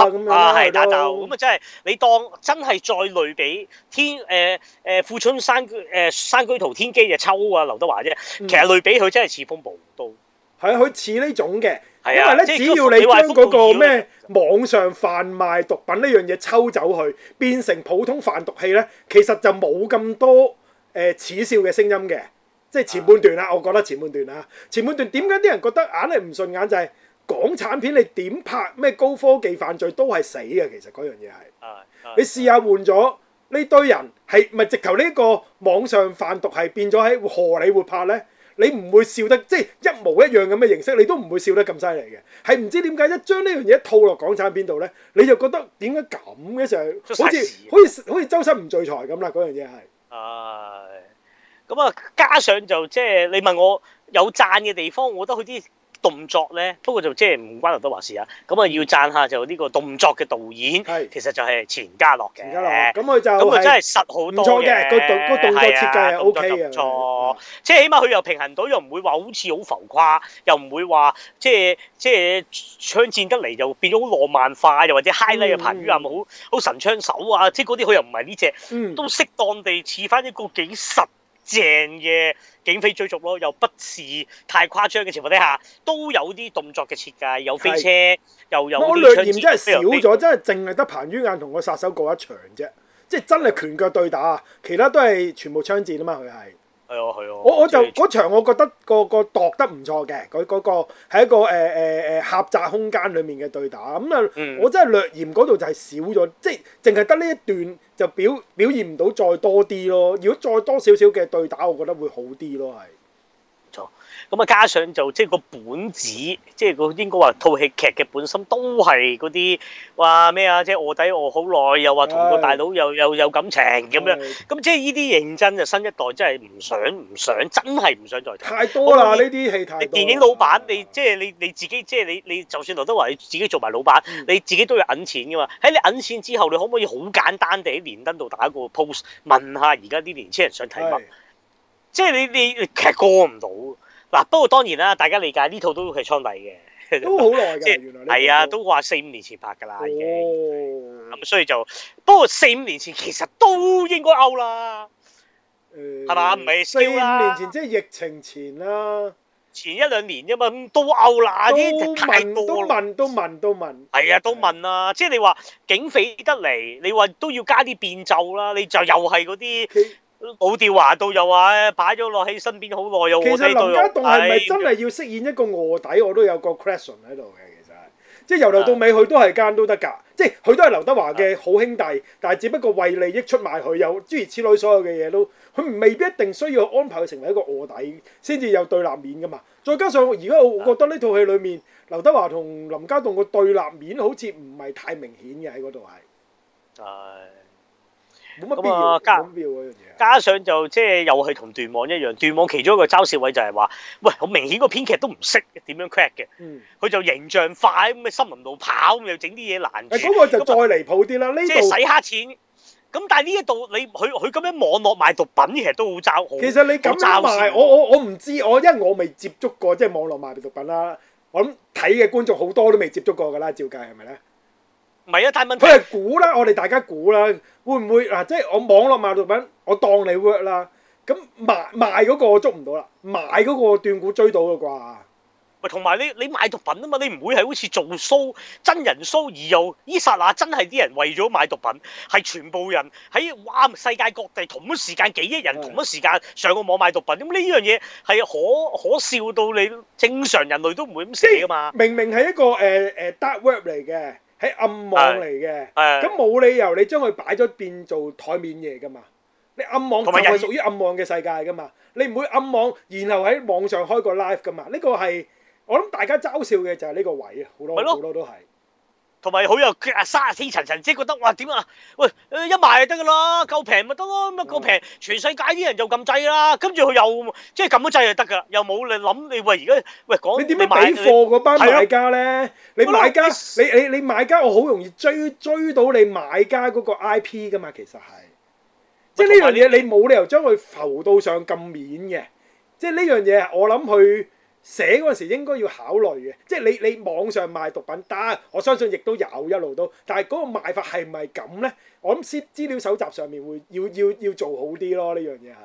鬥啊，係、啊、打鬥咁啊！真係、嗯、你當真係再類比《天誒誒、呃呃、富春山誒山居圖》《天機》就抽啊，劉德華啫。其實類比佢真係似風暴。係啊，佢似呢種嘅，因為咧，是只要你將嗰個咩網上販賣毒品呢樣嘢抽走去，變成普通販毒器咧，其實就冇咁多誒、呃、恥笑嘅聲音嘅，即係前半段啦。的我覺得前半段啊，前半段點解啲人覺得硬係唔順眼就係、是、港產片你點拍咩高科技犯罪都係死嘅，其實嗰樣嘢係。的你試下換咗呢堆人係咪直頭呢個網上販毒係變咗喺荷里活拍咧？你唔會笑得即係、就是、一模一樣咁嘅形式，你都唔會笑得咁犀利嘅，係唔知點解一將呢樣嘢套落港產片度咧，你就覺得點解咁嘅時候，常常猜猜好似像好似像好似周身唔聚財咁啦，嗰像樣嘢係。唉，咁啊，加上就即係、就是、你問我有讚嘅地方，我覺得好啲。動作咧，不過就即係唔關劉德華事啊。咁、嗯、啊、嗯，要讚下就呢個動作嘅導演，是其實就係錢嘉樂嘅。錢嘉樂咁佢就咁啊，真係實好多嘅。個個動作設計係 O K 嘅，唔、啊、錯。即係、嗯、起碼佢又平衡到，又唔會話好似好浮誇，又唔會話即係即係槍戰得嚟就變咗好浪漫化，又或者 high level 啊，彭于晏咪好好神槍手啊，即係嗰啲佢又唔係呢隻，都適當地似翻一個幾實。正嘅警匪追逐咯，又不似太誇張嘅情況底下，都有啲動作嘅設計，有飛車，又有。我略嫌真係少咗，真係淨係得彭于晏同個殺手過一場啫，即係真係拳腳對打，其他都係全部槍戰啊嘛，佢係。係啊，係啊！我我就嗰場我覺得個個度得唔錯嘅，佢、那、嗰個係一個誒誒誒狹窄空間裡面嘅對打咁啊，我真係略嫌嗰度就係少咗，即係淨係得呢一段就表表現唔到再多啲咯。如果再多少少嘅對打，我覺得會好啲咯，係。咁啊，加上就即係個本子，即係個應該話套戲劇嘅本身都係嗰啲哇咩啊，即係臥底臥好耐，又話同個大佬又又有感情咁唉樣，咁即係呢啲認真就新一代真係唔想唔想，真係唔想再睇。太多啦，呢啲戲太多。電影老闆，啊、你即係你你自己，即係你你就算劉德華你自己做埋老闆，你自己都要揞錢噶嘛。喺你揞錢之後，你可唔可以好簡單地喺連登度打個 post 問下而家啲年青人想睇乜？嗯即係你你其實過唔到嗱，不過當然啦，大家理解呢套都係倉底嘅，都好耐㗎，原來係啊，都話四五年前拍㗎啦已經，咁所以就不過四五年前其實都應該 out 啦，係嘛？唔係四五年前即係疫情前啦，前一兩年啫嘛，都 out 啦，啲都問都問都問都問，係啊，都問啊，即係你話警匪得嚟，你話都要加啲變奏啦，你就又係嗰啲。冇電話到又話！擺咗落喺身邊好耐有其實林家棟係咪真係要飾演一個臥底？唉我都有個 question 喺度嘅。其實即係由頭到尾佢的都係奸都得噶，即係佢都係劉德華嘅好兄弟，的但係只不過為利益出賣佢，有諸如此類所有嘅嘢都，佢未必一定需要安排佢成為一個臥底先至有對立面噶嘛。再加上而家我我覺得呢套戲裏面劉的德華同林家棟個對立面好似唔係太明顯嘅喺嗰度係。係。的咁啊，加加上，就即係、就是、又係同斷網一樣，斷網其中一個嘲笑位就係話，喂，好明顯個編劇都唔識點樣 crack 嘅，佢、嗯、就形象化咁咩森林度跑，咁又整啲嘢攔住。嗰、哎那個就再離譜啲啦，呢即係洗黑錢。咁但係呢一度你佢佢咁樣網絡賣毒品，其實都好嘲笑。其實你咁講我我我唔知，我，知我因為我未接觸過即係、就是、網絡賣毒品啦。我諗睇嘅觀眾好多都未接觸過㗎啦，照計係咪咧？唔係啊！但問題，佢係估啦，我哋大家估啦，會唔會嗱、啊？即係我網絡賣毒品，我當你 work 啦。咁賣賣嗰個我捉唔到啦，買嗰個斷股追到嘅啩。喂，同埋你你買毒品啊嘛？你唔會係好似做 show 真人 show，而又伊剎那真係啲人為咗買毒品，係全部人喺哇世界各地同一時間幾億人同一時間上個網買毒品？咁呢、啊、樣嘢係可可笑到你正常人類都唔會咁寫噶嘛？明明係一個誒誒 dark work 嚟嘅。呃呃係暗網嚟嘅，咁冇理由你將佢擺咗變做台面嘢噶嘛？你暗網其實係屬於暗網嘅世界噶嘛？你唔會暗網，然後喺網上開個 live 噶嘛？呢個係我諗大家嘲笑嘅就係呢個位啊，好多好多都係。同埋佢又啊，沙沙塵塵，即係覺得，哇，點啊？喂，一賣就得㗎啦，夠平咪得咯，咪夠平、哦、全世界啲人就撳掣啦，跟住佢又即係撳咗掣就得㗎，又冇你諗，你喂，而家喂，講你點樣俾貨嗰班買家咧？你買家你你你買家我好容易追追到你買家嗰個 I P 㗎嘛。其實係有即係呢樣嘢你冇理由將佢浮到上咁面嘅，即係呢樣嘢我諗佢。寫嗰陣時應該要考慮嘅，即係你你網上賣毒品，但我相信亦都有一路都，但係嗰個賣法係唔係咁咧？我諗設資料搜集上面會要要要做好啲咯，呢樣嘢係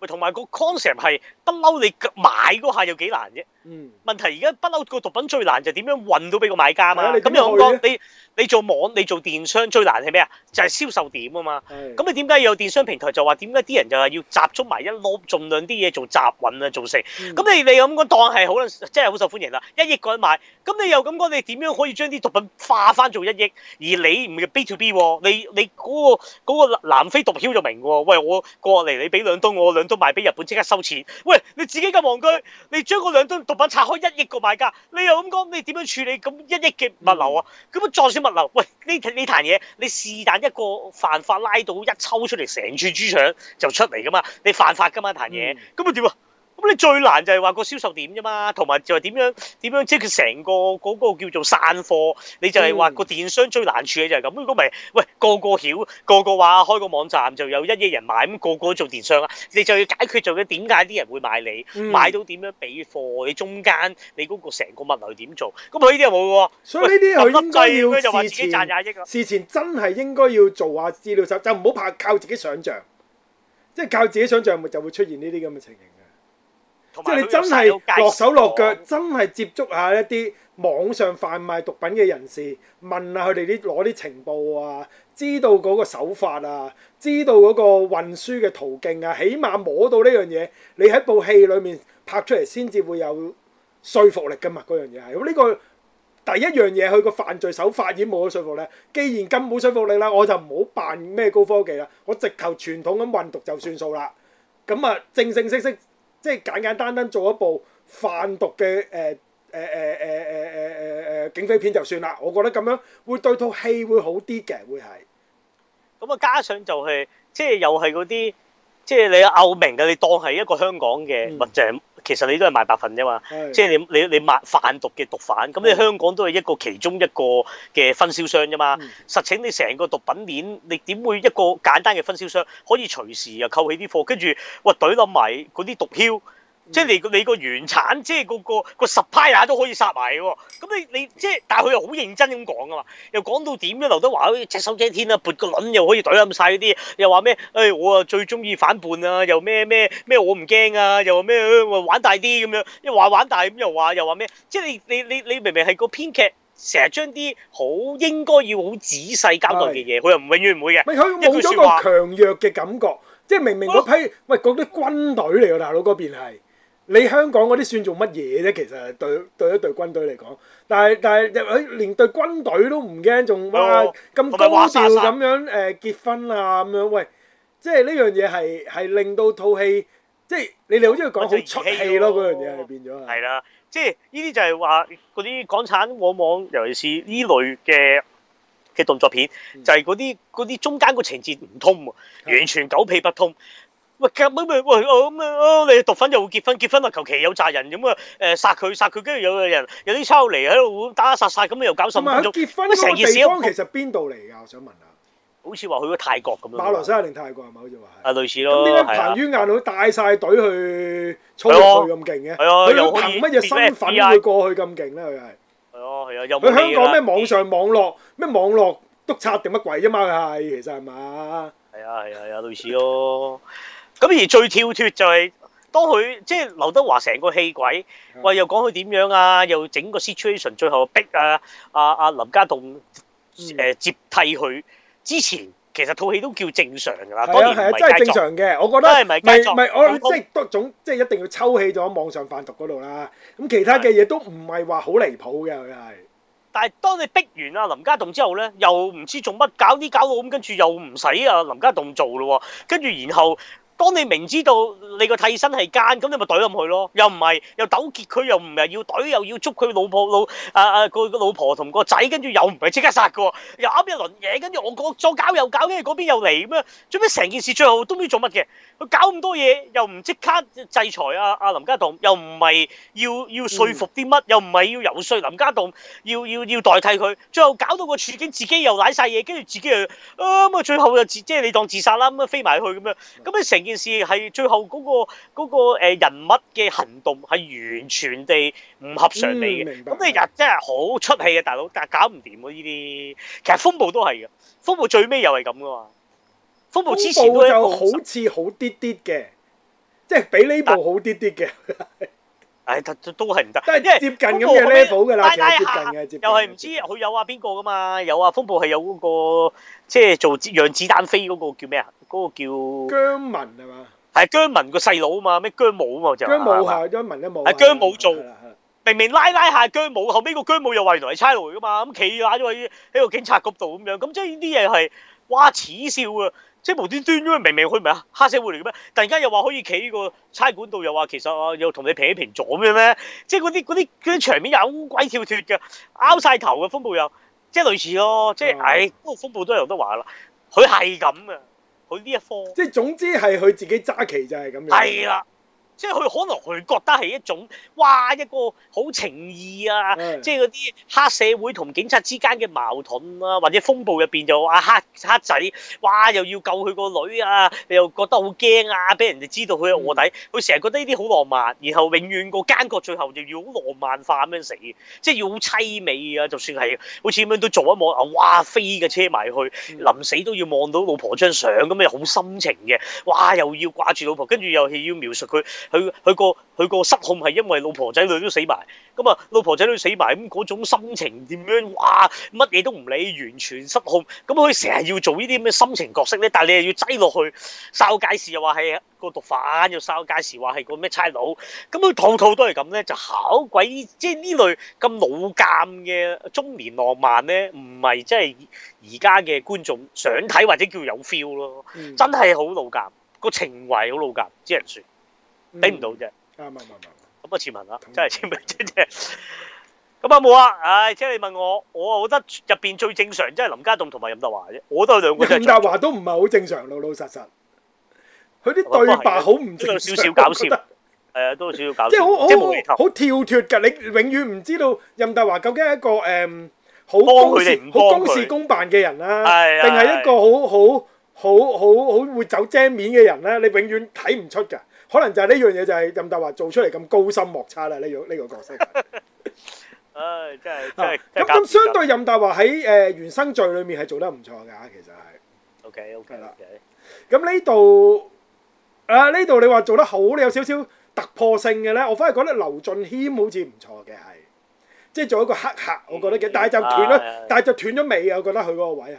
喂，同埋個 concept 係不嬲，你買嗰下有幾難啫、啊。嗯，問題而家不嬲個毒品最難就點樣運到俾個買家嘛？咁又咁講，你你，你做網，你做電商最難係咩啊？就係、是、銷售點啊嘛。咁、嗯、你點解有電商平台就話點解啲人就係要集中埋一粒重量啲嘢，做集運啊，做成？咁、嗯、你你咁講當係好真係好受歡迎啦，一億個人買。咁你又咁講，你點樣可以將啲毒品化翻,做一億？而你唔係 B to B，你你嗰、嗰個、嗰個南非毒梟就明喎。喂，我過嚟你俾兩噸，我兩噸賣俾日本即刻收錢。喂，你自己嘅盲區，你將嗰兩噸。物品拆開一億個買家，你又咁講，你點樣處理咁一億嘅物流啊？咁樣、嗯、再死物流，喂！呢呢壇嘢，你是但一個犯法拉到一抽出嚟，成串豬腸就出嚟噶嘛？你犯法噶嘛？壇嘢，咁啊點啊？咁你最難就係話個銷售點啫嘛，同埋就係點樣點樣，即係佢成個嗰個叫做散貨，你就係話個電商最難處嘅就係咁。如果唔係，喂個個曉個個話開個網站就有一億人買，咁個個都做電商啊，你就要解決做係點解啲人會買你，嗯、買到點樣俾貨，你中間你嗰個成個物流點做？咁佢呢啲又冇喎。所以呢啲係應該要事前。就自己事前真係應該要做下資料集，就唔好怕靠自己想象。即係靠自己想象，咪就會出現呢啲咁嘅情形。即係你真係落手落腳，真係接觸下一啲網上販賣毒品嘅人士，問下佢哋啲攞啲情報啊，知道嗰個手法啊，知道嗰個運輸嘅途徑啊，起碼摸到呢樣嘢，你喺部戲裏面拍出嚟先至會有說服力㗎嘛。嗰樣嘢係咁，呢個第一樣嘢佢個犯罪手法已經冇咗説服力。既然根本冇説服力啦，我就唔好扮咩高科技啦，我直頭傳統咁運毒就算數啦。咁啊，正正式式，式。即係簡簡單單做一部販毒嘅誒誒誒誒誒誒誒警匪片就算啦。我覺得咁樣會對套戲會好啲嘅，會係咁啊。加上就係即係又係嗰啲，即係你有拗明嘅，你當係一個香港嘅物件。其實你都係賣白粉啫嘛，是的 即係你你你賣販毒嘅毒販，咁你香港都係一個其中一個嘅分銷商啫嘛。嗯、實情你成個毒品鏈，你點會一個簡單嘅分銷商可以隨時又扣起啲貨，跟住喂，懟冧埋嗰啲毒梟。即係你個你個原產，即係、嗰個個個十派啊都可以殺埋喎。咁你你即係，但係佢又好認真咁講㗎嘛。又講到點咧？劉德華可以隻手遮天啦、啊，撥個卵又可以袋咁晒啲。又話咩？誒、哎、我啊最鍾意反叛啊，又咩咩咩我唔驚啊，又話咩、欸？玩大啲咁樣，又話玩大咁又話又話咩？即係你你你你明明係個編劇成日將啲好應該要好仔細交代嘅嘢，佢又唔永遠唔會嘅。咪佢冇咗個強弱嘅感覺，嗯、即係明明嗰批喂嗰啲軍隊嚟嘅大佬嗰邊係。你香港嗰啲算做乜嘢啫？其實對對一對軍隊嚟講，但係但係入去連對軍隊都唔驚，仲哇咁高調咁樣誒結婚啊咁樣、欸啊，喂！即係呢樣嘢係係令到套戲，即係你哋好中意講好出戲咯，嗰樣嘢係變咗。係啦，即係呢啲就係話嗰啲港產往往尤其是呢類嘅嘅動作片，就係嗰啲嗰啲中間個情節唔通喎，完全狗屁不通。喂，咁咪咪喂，哦咁啊，你讀粉又會結婚，結婚啊，求其、呃、有炸人咁啊，誒殺佢殺佢，跟住有個人有啲抽嚟喺度打打殺殺，咁又搞成咁，成熱、啊、結婚成件事？不其實邊度嚟㗎？我想問下。好似話去咗泰國咁樣。馬來西亞定泰國係咪？好似話係。啊，類似咯。咁點解彭於晏佢帶晒隊去操業咁勁嘅？係啊，佢又、啊、憑乜嘢身份會過去咁勁咧？佢係、啊。係啊係啊，又乜香港咩網上網絡咩、啊、網絡督察定乜鬼啫嘛？佢係其實係嘛？係啊係啊係啊，啊，啊，類似咯。咁而最跳脱就係當佢即係劉德華成個戲鬼，喂又講佢點樣啊，又整個 situation，最後逼啊啊啊林家棟誒、呃、接替佢。之前其實套戲都叫正常㗎啦，啊當啊，真係正常嘅，我覺得都係唔係唔係我、嗯、我即係多種，即係一定要抽起咗喺網上販毒嗰度啦。咁其他嘅嘢都唔係話好離譜嘅，佢係、啊。但係當你逼完啊林家棟之後咧，又唔知做乜搞啲搞到咁，跟住又唔使啊林家棟做咯喎，跟住然後。然後然後嗯當你明知道你個替身係奸，咁你咪懟咁去咯，又唔係又糾結佢，又唔係要懟又要捉佢老婆老啊啊個個老婆同個仔，跟住又唔係即刻殺嘅喎，又啱一輪嘢，跟住我我再搞又搞，跟住嗰邊又嚟咁樣，做咩成件事最後都唔知做乜嘅，佢搞咁多嘢又唔即刻制裁啊啊林家棟，又唔係要要說服啲乜，又唔係要游說林家棟要要要代替佢，最後搞到個處境自己又舐晒嘢，跟住自己又咁啊最後又即係你當自殺啦咁啊飛埋去咁樣，咁樣成件事係最後嗰、嗰個、嗰個誒人物嘅行動係完全地唔合常理嘅，咁你日真係好出戲嘅、啊、大佬，但係搞唔掂嘅呢啲，其實風暴都係嘅，風暴最尾又係咁噶嘛，風暴之前都有好似好啲啲嘅，即係比呢部好啲啲嘅。但 唉，都都都係唔得，都係即係接近咁嘅 level 嘅啦，其實接近嘅，又係唔知佢有啊邊個噶嘛，有啊，風暴係有嗰個即係做子讓子彈飛嗰個叫咩啊？嗰個叫姜文係嘛？係姜文個細佬啊嘛？咩姜武啊嘛就？姜武係姜文嘅武，係姜武做明明拉拉下姜武，後尾個姜武又話原來係差佬噶嘛？咁企喺喺個警察局度咁樣，咁即係呢啲嘢係哇恥笑啊！即係無端端咁，明明佢咪黑，黑社會嚟嘅咩？突然間又話可以企呢個差館度，又話其實又同你平一平坐咁咩？即係嗰啲嗰啲嗰啲場面有鬼跳脱嘅，拗晒頭嘅風暴又，即係類似咯，即係唉，哎，嗰個風暴都係劉德華啦，佢係咁啊，佢呢一科，即係總之係佢自己揸旗就係咁樣。係啦。即係佢可能佢覺得係一種，哇一個好情義啊！嗯、即係嗰啲黑社會同警察之間嘅矛盾啊，或者風暴入邊就話黑黑仔，哇又要救佢個女啊，又覺得好驚啊！俾人哋知道佢係臥底，佢成日覺得呢啲好浪漫，然後永遠個奸角最後就要好浪漫化咁樣死，即係要好凄美啊！就算係好似咁樣都做一幕啊，哇飛嘅車埋去，嗯、臨死都要望到老婆張相咁樣好深情嘅，哇又要掛住老婆，跟住又要描述佢。佢佢個佢個失控係因為老婆仔女都死埋，咁啊老婆仔女死埋咁嗰種心情點樣？哇！乜嘢都唔理，完全失控。咁佢成日要做呢啲咩心情角色咧？但係你又要擠落去，收街時又話係個毒販，又收街時話係個咩差佬。咁佢套套都係咁咧，就考鬼，即係呢類咁老尷嘅中年浪漫咧，唔係真係而家嘅觀眾想睇或者叫有 feel 咯，嗯、真係好老尷個情懷好老尷，只人算。睇唔到啫、嗯，咁啊！傳聞啦，真係傳聞真嘅。咁啊冇啊，唉、哎，即係你問我，我啊覺得入邊最正常，即係林家棟同埋任達華啫。我都係兩個。任達華都唔係好正常，老老實實。佢啲對白好唔正常，少少搞笑。係都少少搞笑。即係好好好跳脫㗎，你永遠唔知道任達華究竟係一個誒、哎、好公事公事公辦嘅人啦、啊，定係一個好好好好好會走精面嘅人咧、啊？的你永遠睇唔出㗎。可能就係呢樣嘢，就係任達華做出嚟咁高深莫測啦！呢樣呢個角色，唉，真係，咁咁相對任達華喺誒原生罪裏面係做得唔錯噶，其實係，OK OK，咁呢度，誒呢度你話做得好，你有少少突破性嘅咧，我反而覺得劉俊謙好似唔錯嘅，係，即係做一個黑客，我覺得嘅，但係就斷咗，但係就斷咗尾，我覺得佢嗰個位係，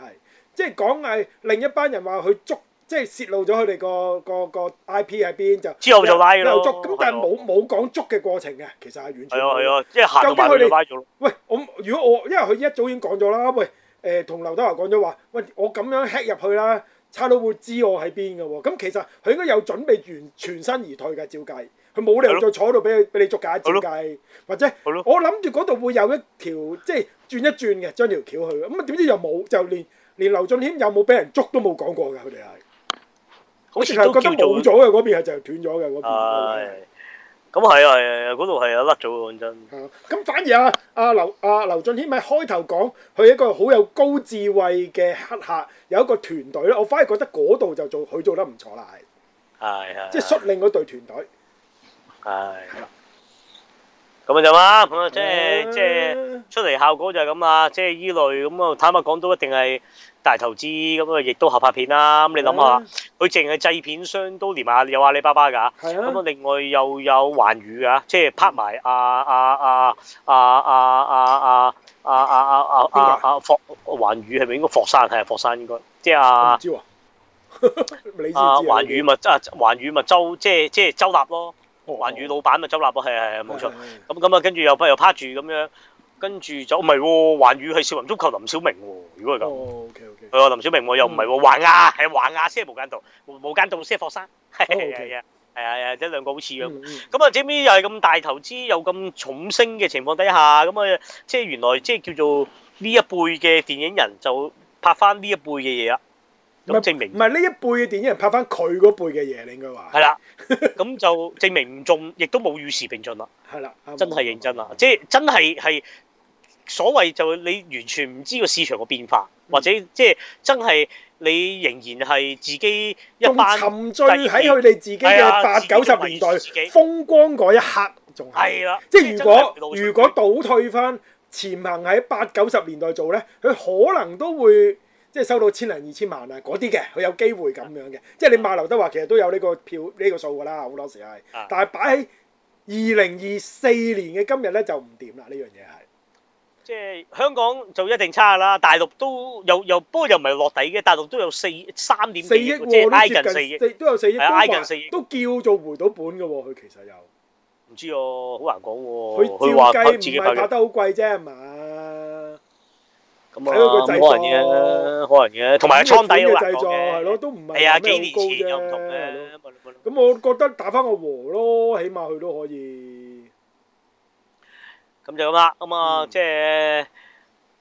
即係講係另一班人話佢捉。即係泄露咗佢哋個個個 I P 喺邊就之後就拉咯，咁但係冇冇講捉嘅過程嘅，其實係完全唔係。係啊係啊，即係行到快啲拉咗咯。喂，我如果我因為佢一早已經講咗啦，喂誒同劉德華講咗話，喂我咁樣 hack 入去啦，差佬會知我喺邊嘅喎。咁其實佢應該有準備完全身而退嘅，照計佢冇理由再坐喺度俾佢俾你捉㗎，照計或者我諗住嗰度會有一條即係轉一轉嘅將條橋去嘅咁啊，點知又冇就連連劉俊謙有冇俾人捉都冇講過㗎，佢哋係。好似係覺得冇咗嘅嗰邊係就斷咗嘅嗰邊。係咁係啊，嗰度係啊，甩咗喎講真。嚇！咁反而啊，阿劉阿劉俊謙咪開頭講佢一個好有高智慧嘅黑客，有一個團隊咧，我反而覺得嗰度就做佢做得唔錯啦，係。係係。即係率領嗰隊團隊。係。咁啊就嘛，咁啊即係即係出嚟效果就係咁啊，即係依類咁啊，坦白講都一定係。大投資咁啊，亦都合拍片啦。咁你諗下，佢淨係製片商都連埋有阿里巴巴㗎。係啊、嗯。咁啊，另外又有環宇㗎，即係拍埋阿阿阿阿阿阿阿阿阿阿阿霍環宇係咪應該霍山？睇下霍山應該。即係阿。唔知喎、啊。你先知。阿環宇咪即係環宇咪周即係即係周立咯。環宇老闆咪周立咯，係係冇錯。咁咁啊，跟住又又拍住咁樣。跟住就唔係喎，寰宇係少林足球林小明喎。如果係咁，係啊，林小明喎，又唔係喎，寰亞係寰亞，即係無間道，無間道即係霍生，係啊係啊，係啊，即係兩個好似咁。咁啊，最尾又係咁大投資，又咁重聲嘅情況底下，咁啊，即係原來即係叫做呢一輩嘅電影人就拍翻呢一輩嘅嘢啊。咁證明唔係呢一輩嘅電影人拍翻佢嗰輩嘅嘢，你應該話係啦。咁就證明唔中，亦都冇與時並進啦。係啦，真係認真啊。即係真係係。所謂就你完全唔知個市場個變化，或者即係真係你仍然係自己一班沉醉喺佢哋自己嘅八九十年代風光嗰一刻，仲係的即係如果如果倒退翻潛行喺八九十年代做呢，佢可能都會即係收到千零二千萬啊。嗰啲嘅佢有機會咁樣嘅，的即係你賣劉德華其實都有呢個票呢個數噶啦，好多時係，的的但係擺喺二零二四年嘅今日呢，就唔掂啦。呢樣嘢係。即係香港就一定差啦，大陸都有有，不過又唔係落底嘅，大陸都有四三點四億，即係挨近四億，都有四億，係啊挨近四億，都叫做回到本嘅，佢其實又唔知哦，好難講喎。佢佢話佢唔係打得好貴啫，係嘛？咁啊，咁可能嘅，可能嘅，同埋倉底嘅話，係咯，都唔係咩好高嘅。咁我覺得打翻個和咯，起碼佢都可以。咁就咁啦，咁啊，嗯、即係，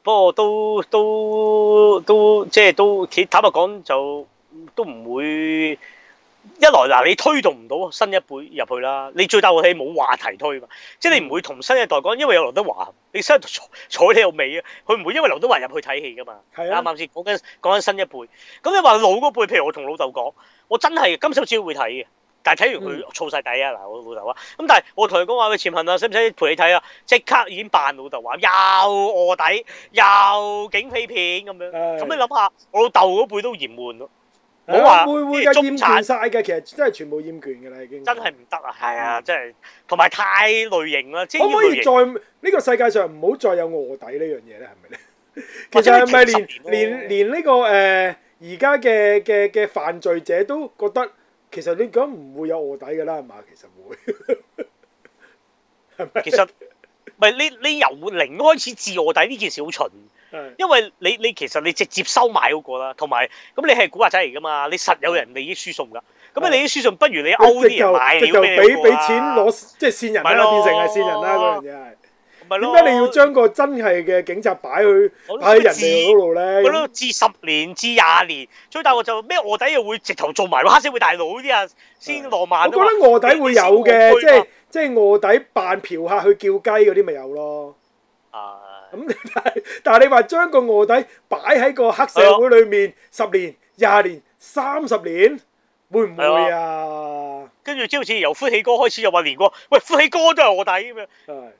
不過都都都即係都，坦白講就都唔會一來嗱，你推動唔到新一輩入去啦，你最大鑊係冇話題推嘛，即係你唔會同新一代講，因為有劉德華，你新一代坐坐喺呢度尾啊，佢唔會因為劉德華入去睇戲噶嘛，啱唔啱先？講緊講緊新一輩，咁你話老嗰輩，譬如我同老豆講，我真係金手指會睇嘅。但係睇完佢燥晒底啊！嗱，我老豆話咁，但係我同佢講話佢潛行啊，使唔使陪你睇啊？即刻已經扮老豆話又臥底又警匪片咁樣。咁你諗下，我老豆嗰輩都嫌悶咯。我話會會嘅厭產曬嘅，其實真係全部厭倦嘅啦，已經。真係唔得啊！係啊，真係。同埋太類型啦，即係。可唔可以再呢個世界上唔好再有臥底呢樣嘢咧？係咪咧？其實係咪連連連呢個誒而家嘅嘅嘅犯罪者都覺得？其實你咁唔會有臥底㗎啦，係嘛？其實唔會 吧，係其實唔係你你由零開始治臥底呢件事好蠢，是的 因為你你其實你直接收買嗰個啦，同埋咁你係古惑仔嚟噶嘛？你實有人利益輸送噶，咁啊、嗯、你啲輸送不如你勾啲人買、啊、你就俾俾錢攞即係線人啦，的變成係線人啦嗰吧樣嘢係。點解你要將個真係嘅警察擺去喺人哋嗰度咧？我諗至十年至廿年，最大鑊就咩臥底又會直頭做埋咯，黑社會大佬啲啊？先浪漫。我覺得臥底會有嘅，即係即係臥底扮嫖客去叫雞嗰啲咪有咯。啊！咁 但係但係你話將個臥底擺喺個黑社會裏面的十年、廿年、三十年，會唔會啊？跟住朝好似由《歡喜哥》開始又話連過，喂《歡喜哥》都係臥底咁樣，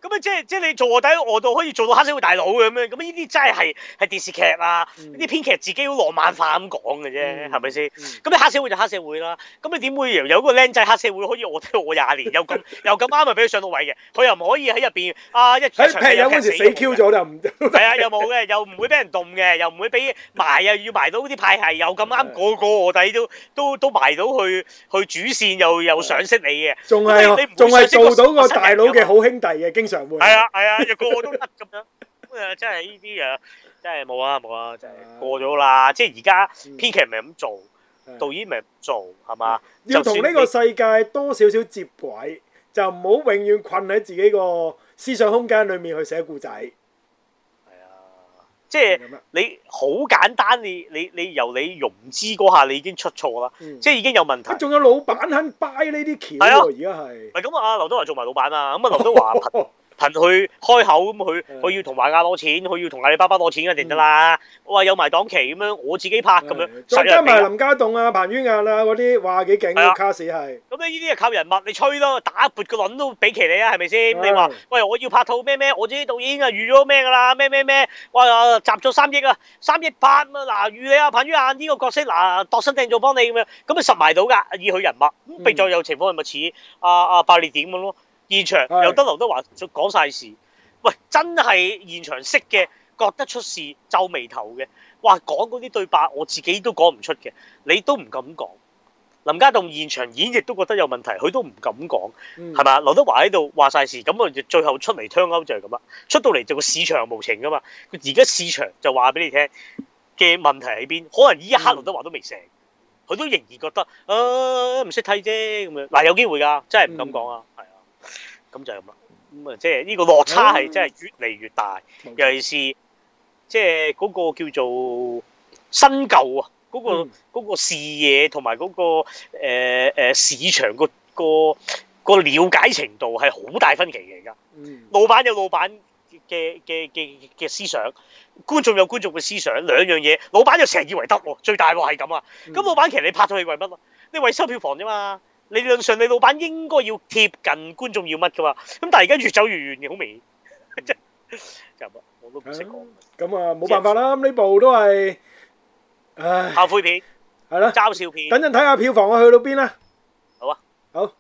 咁啊即係即係你做臥底，我都可以做到黑社會大佬咁樣，咁呢啲真係係係電視劇啊呢啲編劇自己好浪漫化咁講嘅啫，係咪先？咁、嗯、你黑社會就黑社會啦，咁你點會有一個僆仔黑社會可以臥底我廿年又咁又咁啱咪俾佢上到位嘅？佢又唔可以喺入邊啊一場有劇時死 Q 咗就唔係啊又冇嘅，又唔會俾人動嘅，又唔會俾埋啊要埋到啲派系又咁啱個個臥底都都都，都埋到去去主線又。又賞識你嘅，仲係仲係做到個大佬嘅好兄弟嘅， 經常會。係啊，係啊，個個都得咁樣。誒， 真係呢啲誒，真係冇啊，冇啊，真係過咗啦。即係而家編劇咪咁做， 導演咪咁做，係嘛 吧？要同呢個世界多少少接軌，就唔好永遠困喺自己個思想空間裏面去寫故仔。即係你好簡單，你你你由你融資嗰下，你已經出錯啦，嗯、即係已經有問題。啊，仲有老闆肯 buy 呢啲橋？係啊，而家係。係咁啊，劉德華做埋老闆啦、啊。咁、嗯、啊，劉德華。 憑佢開口咁佢，佢要同華亞攞錢，佢要同阿里巴巴攞錢一定得啦。哇，有埋檔期咁樣，我自己拍咁樣。再加埋林家棟啊、彭于晏啊嗰啲，哇幾勁啊！卡士係。咁你呢啲就靠人物，你吹咯，打撥個輪都俾其、嗯、你啊，係咪先？你話，喂，我要拍套咩咩，我啲導演啊預咗咩㗎啦？咩咩咩，哇集咗三億啊，三億拍啊嗱，預、啊啊、你阿彭于晏呢個角色嗱，度身訂造幫你咁樣，咁啊實埋到㗎，依佢人物。並、嗯、再有情況係咪似啊，啊，爆裂點咁咯？現場又得劉德華講晒事，喂，真係現場識嘅覺得出事皺眉頭嘅，哇話講嗰啲對白我自己都講唔出嘅，你都唔敢講。林家棟現場演繹都覺得有問題，佢都唔敢講，係咪？嗯、劉德華喺度話晒事，咁我最後出嚟推鳩就係咁啦。出到嚟就個市場無情噶嘛，佢而家市場就話俾你聽嘅問題喺邊，可能呢一刻劉德華都未醒，佢都仍然覺得啊唔識睇啫咁樣。嗱、呃、有機會㗎，真係唔敢講啊。嗯咁就係咁啦，咁啊，即係呢個落差係真係越嚟越大，尤其是即係嗰個叫做新舊啊，嗰、嗰個嗰、嗯、個視野同埋嗰個誒、呃呃、市場個個個瞭解程度係好大分歧嘅。而家老闆有老闆嘅嘅嘅嘅思想，觀眾有觀眾嘅思想，兩樣嘢。老闆就成日以為得喎，最大鑊係咁啊。咁、嗯、老闆其實你拍咗戲為乜啊？你為收票房啫嘛。理論上你老闆應該要貼近觀眾要乜㗎嘛，咁但係而家越走越遠嘅，好明顯，即係，即係乜我都唔識講。咁啊，冇辦法啦，呢部都係唉後悔片，係咯，嘲笑片。等陣睇下票房去到邊啦。好啊，好。